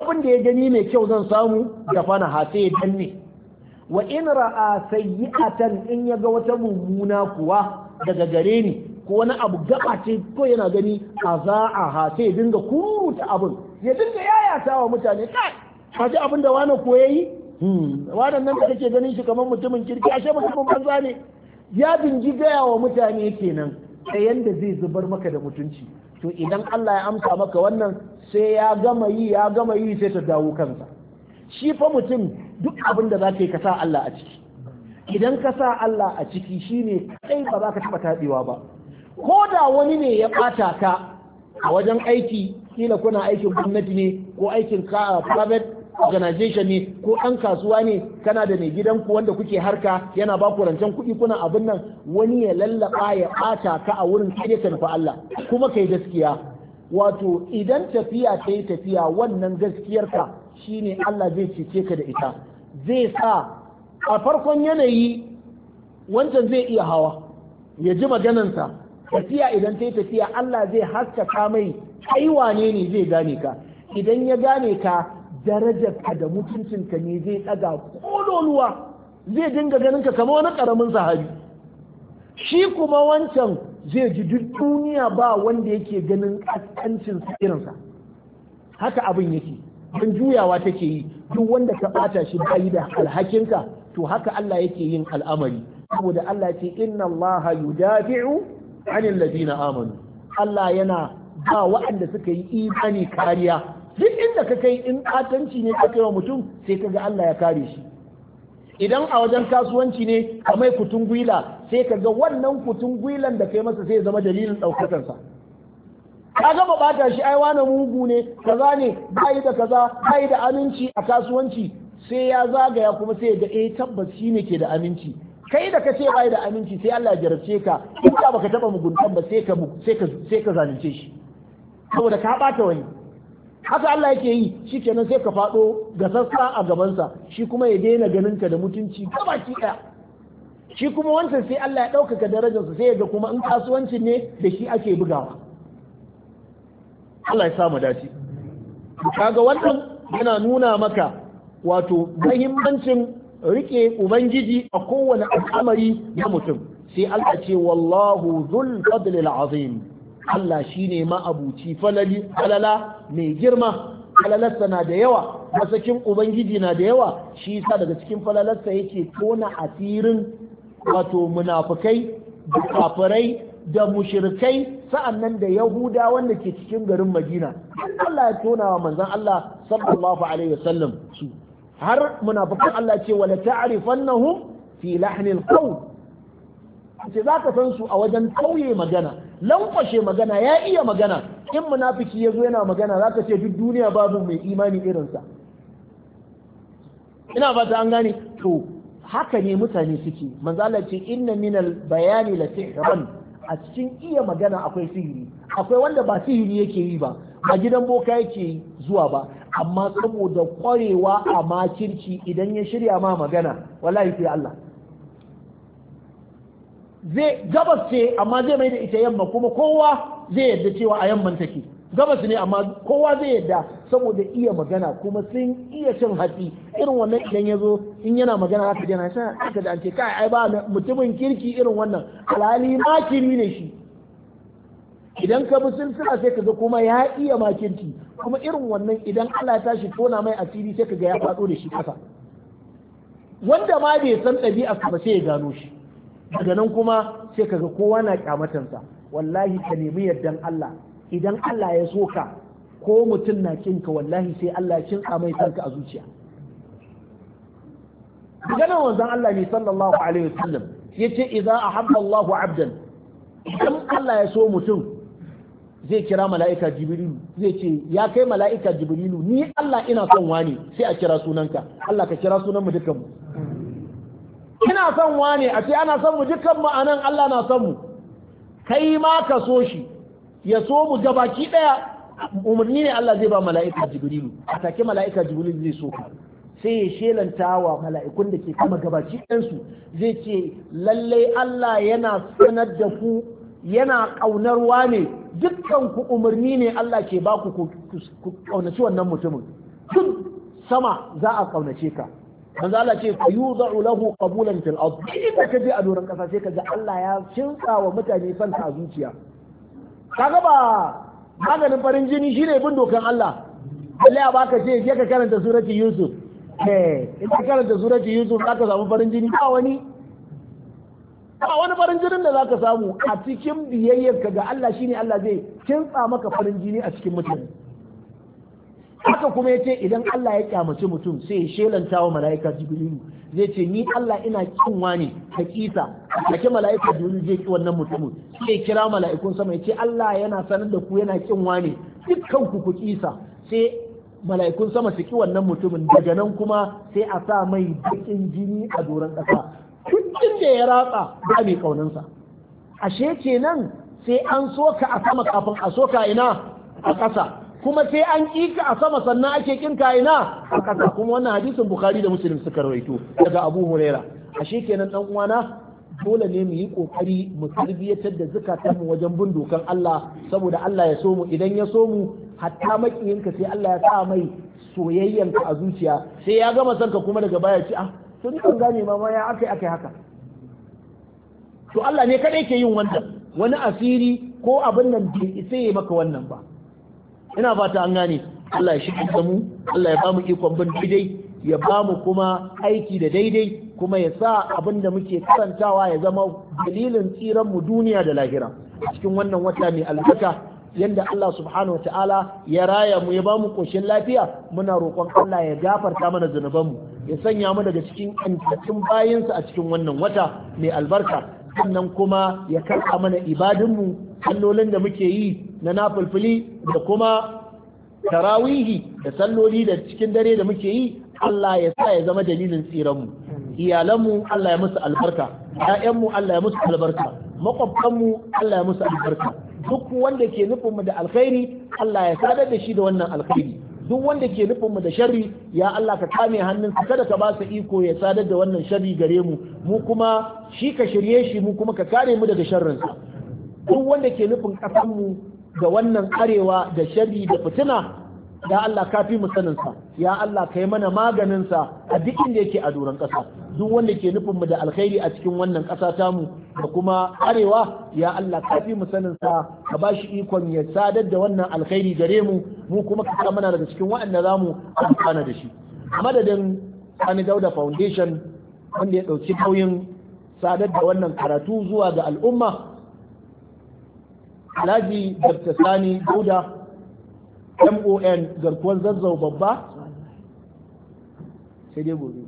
abin da ya gani mai kyau zan samu ya fana ha sai danne wa in ra'a sayyi'atan in ga wata mummuna kuwa daga gare ni ko wani abu gaba ce ko yana gani a za'a ha sai dinga kuruta abin ya dinga yayata wa mutane kai haji abin da wani ko yayi Hmm. waɗannan da kake ganin shi kamar mutumin kirki ashe mutumin banza ne ya bingi gaya wa mutane kenan ta yanda zai zubar maka da mutunci to idan Allah ya amsa maka wannan sai ya gama yi ya gama yi sai ta dawo kansa shi fa mutum duk abin da zaka yi ka sa Allah a ciki idan ka sa Allah a ciki shine kai ba za ka taɓa taɗewa ba ko da wani ne ya ɓata ka a wajen aiki kila kuna aikin gwamnati ne ko aikin private organization ne ko ɗan kasuwa ne kana da mai gidanku wanda kuke harka yana ba ku rancen kuɗi kuna abin nan wani ya lallaba ya ɓata ka a wurin kare ka nufa Allah kuma kai gaskiya wato idan tafiya ta yi tafiya wannan gaskiyarka shine Allah zai cece ka da ita zai sa a farkon yanayi wancan zai iya hawa ya ji maganansa tafiya idan ta yi tafiya Allah zai haskaka mai kaiwa ne ne zai gane ka idan ya gane ka darajarka da mutuncinka ne zai ɗaga kololuwa zai dinga ganin ka kama wani ƙaramin sahabi shi kuma wancan zai ji duk duniya ba wanda yake ganin ƙasƙancin irinsa haka abin yake don juyawa take yi duk wanda ka ɓata shi bayi da alhakinka to haka Allah yake yin al'amari saboda Allah ce inna Allah yudafi'u anil ladina amanu Allah yana ba waɗanda suka yi imani kariya duk inda ka kai in katanci ne ka wa mutum sai ka ga Allah ya kare shi idan a wajen kasuwanci ne ka mai kutun gwila sai ka ga wannan kutun gwilan da kai masa sai zama dalilin ɗaukakarsa ka gama bata shi ai wani mugu ne kaza ne bayi da kaza bayi da aminci a kasuwanci sai ya zagaya kuma sai ga eh tabbas shi ne ke da aminci kai da ka ce bayi da aminci sai Allah ya jarabce ka in ka baka taba muguntan ba sai ka sai ka sai ka zalunce shi saboda ka bata wani haka Allah yake yi shi kenan sai ka faɗo ga sassa a gabansa shi kuma ya daina ganin ka da mutunci gabaki ɗaya shi kuma wancan sai Allah ya ɗaukaka darajarsa sai ya ga kuma in kasuwancin ne da shi ake bugawa Allah ya samu dace kaga wannan yana nuna maka wato muhimmancin rike ubangiji a kowane al'amari na mutum sai Allah ce wallahu dhul fadlil azim Allah shine ma'abuci falali falala mai girma falalarsa na da yawa masakin ubangiji na da yawa shi yasa daga cikin falalarsa yake tona asirin wato munafukai da kafirai da sa'an nan da yahuda wanda ke cikin garin madina Allah ya tona wa manzon Allah sallallahu alaihi wasallam su har munafukan Allah ce wala ta'rifannahum fi lahnil qawl ce zaka san su a wajen kauye magana lankwashe magana ya iya magana in munafiki ya zo yana magana za ka ce duk duniya babu mai imani irinsa ina fata an gane to haka ne mutane suke manzala ce inna minal bayani la sihran a cikin iya magana akwai sihiri akwai wanda ba sihiri yake yi ba a gidan boka yake zuwa ba amma saboda kwarewa a makirci idan ya shirya ma magana wallahi sai Allah zai gabas ce amma zai mai da ita yamma kuma kowa zai yadda cewa a yamman take gabas ne amma kowa zai yadda saboda iya magana kuma sun iya cin hatsi irin wannan idan ya zo in yana magana haka jana sa aka da an ce kai ai ba mutumin kirki irin wannan alhali makiri ne shi idan ka bi silsila sai ka ga kuma ya iya makirki kuma irin wannan idan Allah ya tashi tona mai asiri sai ka ga ya faɗo da shi ƙasa wanda ma bai san ɗabi'a ba sai ya gano shi daga nan kuma sai kaga kowa na kyamatansa wallahi ka nemi yardan Allah idan Allah ya so ka ko mutum na kinka wallahi sai Allah ya cin mai sanka a zuciya maganar wanzan Allah ne sallallahu alaihi wasallam yace idza ahabba Allahu abdan idan Allah ya so mutum zai kira mala'ika jibrilu zai ce ya kai mala'ika jibrilu ni Allah ina son wani sai a kira sunanka Allah ka kira sunan mu dukkan mu ina son wane a ce ana son mu dukkan mu anan Allah na son mu kai ma ka so shi ya so mu baki daya umarni ne Allah zai ba mala'ika jibrilu a take mala'ika jibrilu zai so ka sai ya shelanta wa mala'ikun da ke kama gabaci ɗansu zai ce lallai Allah yana sanar da ku yana ƙaunarwa ne dukkan ku umarni ne Allah ke ba ku ku ƙaunaci wannan mutumin duk sama za a ƙaunace ka manzo Allah ce fa yudau lahu qabulan fil ard inda ka je a doron kasa sai ka ga Allah ya shinka wa mutane fanta a zuciya kaga ba maganin farin jini shine bin dokan Allah Allah ya baka ce je ka karanta surati Yusuf eh in ka karanta surati Yusuf zaka samu farin jini ba wani ba wani farin jinin da zaka samu a cikin biyayyar ka ga Allah shine Allah zai kinsa maka farin jini a cikin mutane haka kuma ya ce idan Allah ya kyamaci mutum sai ya shelanta wa mala'ika jibrilu zai ce ni Allah ina kinwa ne hakisa ake mala'ika jibrilu zai ki wannan mutumin sai ya kira mala'ikun sama ya ce Allah yana sanar da ku yana kinwa ne dukkan ku ku kisa sai mala'ikun sama su ki wannan mutumin daga nan kuma sai a sa mai bakin jini a doron ƙasa duk da ya ratsa ba mai kaunansa ashe kenan sai an soka a sama kafin a soka ina a ƙasa kuma sai an kika a sama sannan ake kinka ina a ƙasa kuma wannan hadisin bukhari da muslim suka rawaito daga abu huraira ashe kenan dan uwana dole ne mu yi kokari mu tarbiyatar da mu wajen bin dokan Allah saboda Allah ya so mu idan ya so mu hatta makiyinka sai Allah ya sa mai soyayyanka a zuciya sai ya gama sanka kuma daga baya ci ah to ni kan gane ma ma ya akai akai haka to Allah ne kadai ke yin wannan wani asiri ko abin nan bai isa maka wannan ba ina fata an gane Allah ya shiga mu Allah ya ba mu ikon bin daidai ya ba mu kuma aiki da daidai kuma ya sa abin da muke karantawa ya zama dalilin tsiran mu duniya da lahira cikin wannan wata mai albarka yanda Allah subhanahu wa ta'ala ya raya mu ya ba mu koshin lafiya muna roƙon Allah ya gafarta mana zunubanmu ya sanya mu daga cikin antattun bayinsa a cikin wannan wata mai albarka sannan kuma ya karɓa mana ibadunmu sallolin da muke yi na nafulfuli da kuma tarawihi da salloli da cikin dare da muke yi Allah ya sa ya zama dalilin tsiranmu iyalanmu Allah ya musu albarka ‘ya'yanmu Allah ya musu albarka makwabtanmu Allah ya musu albarka duk wanda ke nufinmu da alkhairi Allah ya sadar da shi da wannan alkhairi duk wanda ke nufin mu da sharri ya Allah ka kame hannun ka kada ka ba su iko ya sadar da wannan sharri gare mu mu kuma shi ka shirye shi mu kuma ka kare mu daga sharrinsa duk wanda ke nufin ƙasar mu da wannan arewa da sharri da fitina ya Allah ka fi mu saninsa ya Allah ka yi mana maganinsa a duk inda yake a doron ƙasa duk wanda ke nufin mu da alkhairi a cikin wannan ƙasa tamu da kuma arewa ya Allah ka fi mu saninsa ka ba shi ikon ya sadar da wannan alkhairi gare mu mu kuma ka sa mana daga cikin waɗanda za mu amfana da shi a madadin Sani Dauda Foundation wanda ya ɗauki nauyin sadar da wannan karatu zuwa ga al'umma Alhaji Dr. Sani Dauda mon garkuwar zazzau babba sai dai gobe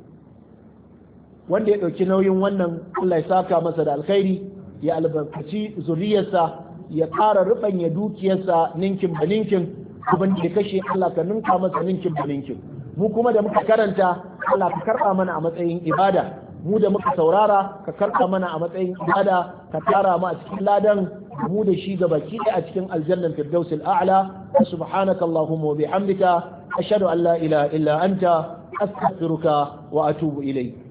wanda ya ɗauki nauyin wannan Allah ya saka masa da alkhairi ya albarkaci zuriyarsa ya ƙara ruɓanya dukiyarsa ninkin ba ninkin abin da kashe Allah ka ninka masa ninkin ba ninkin mu kuma da muka karanta Allah ka karɓa mana a matsayin ibada mu da muka saurara ka karɓa mana a matsayin ibada ka tara mu a cikin ladan mu da shi gaba ɗaya a cikin aljannan firdaus al'a'la subhanaka allahumma wa bihamdika ashhadu an la ilaha illa anta astaghfiruka wa atubu ilayk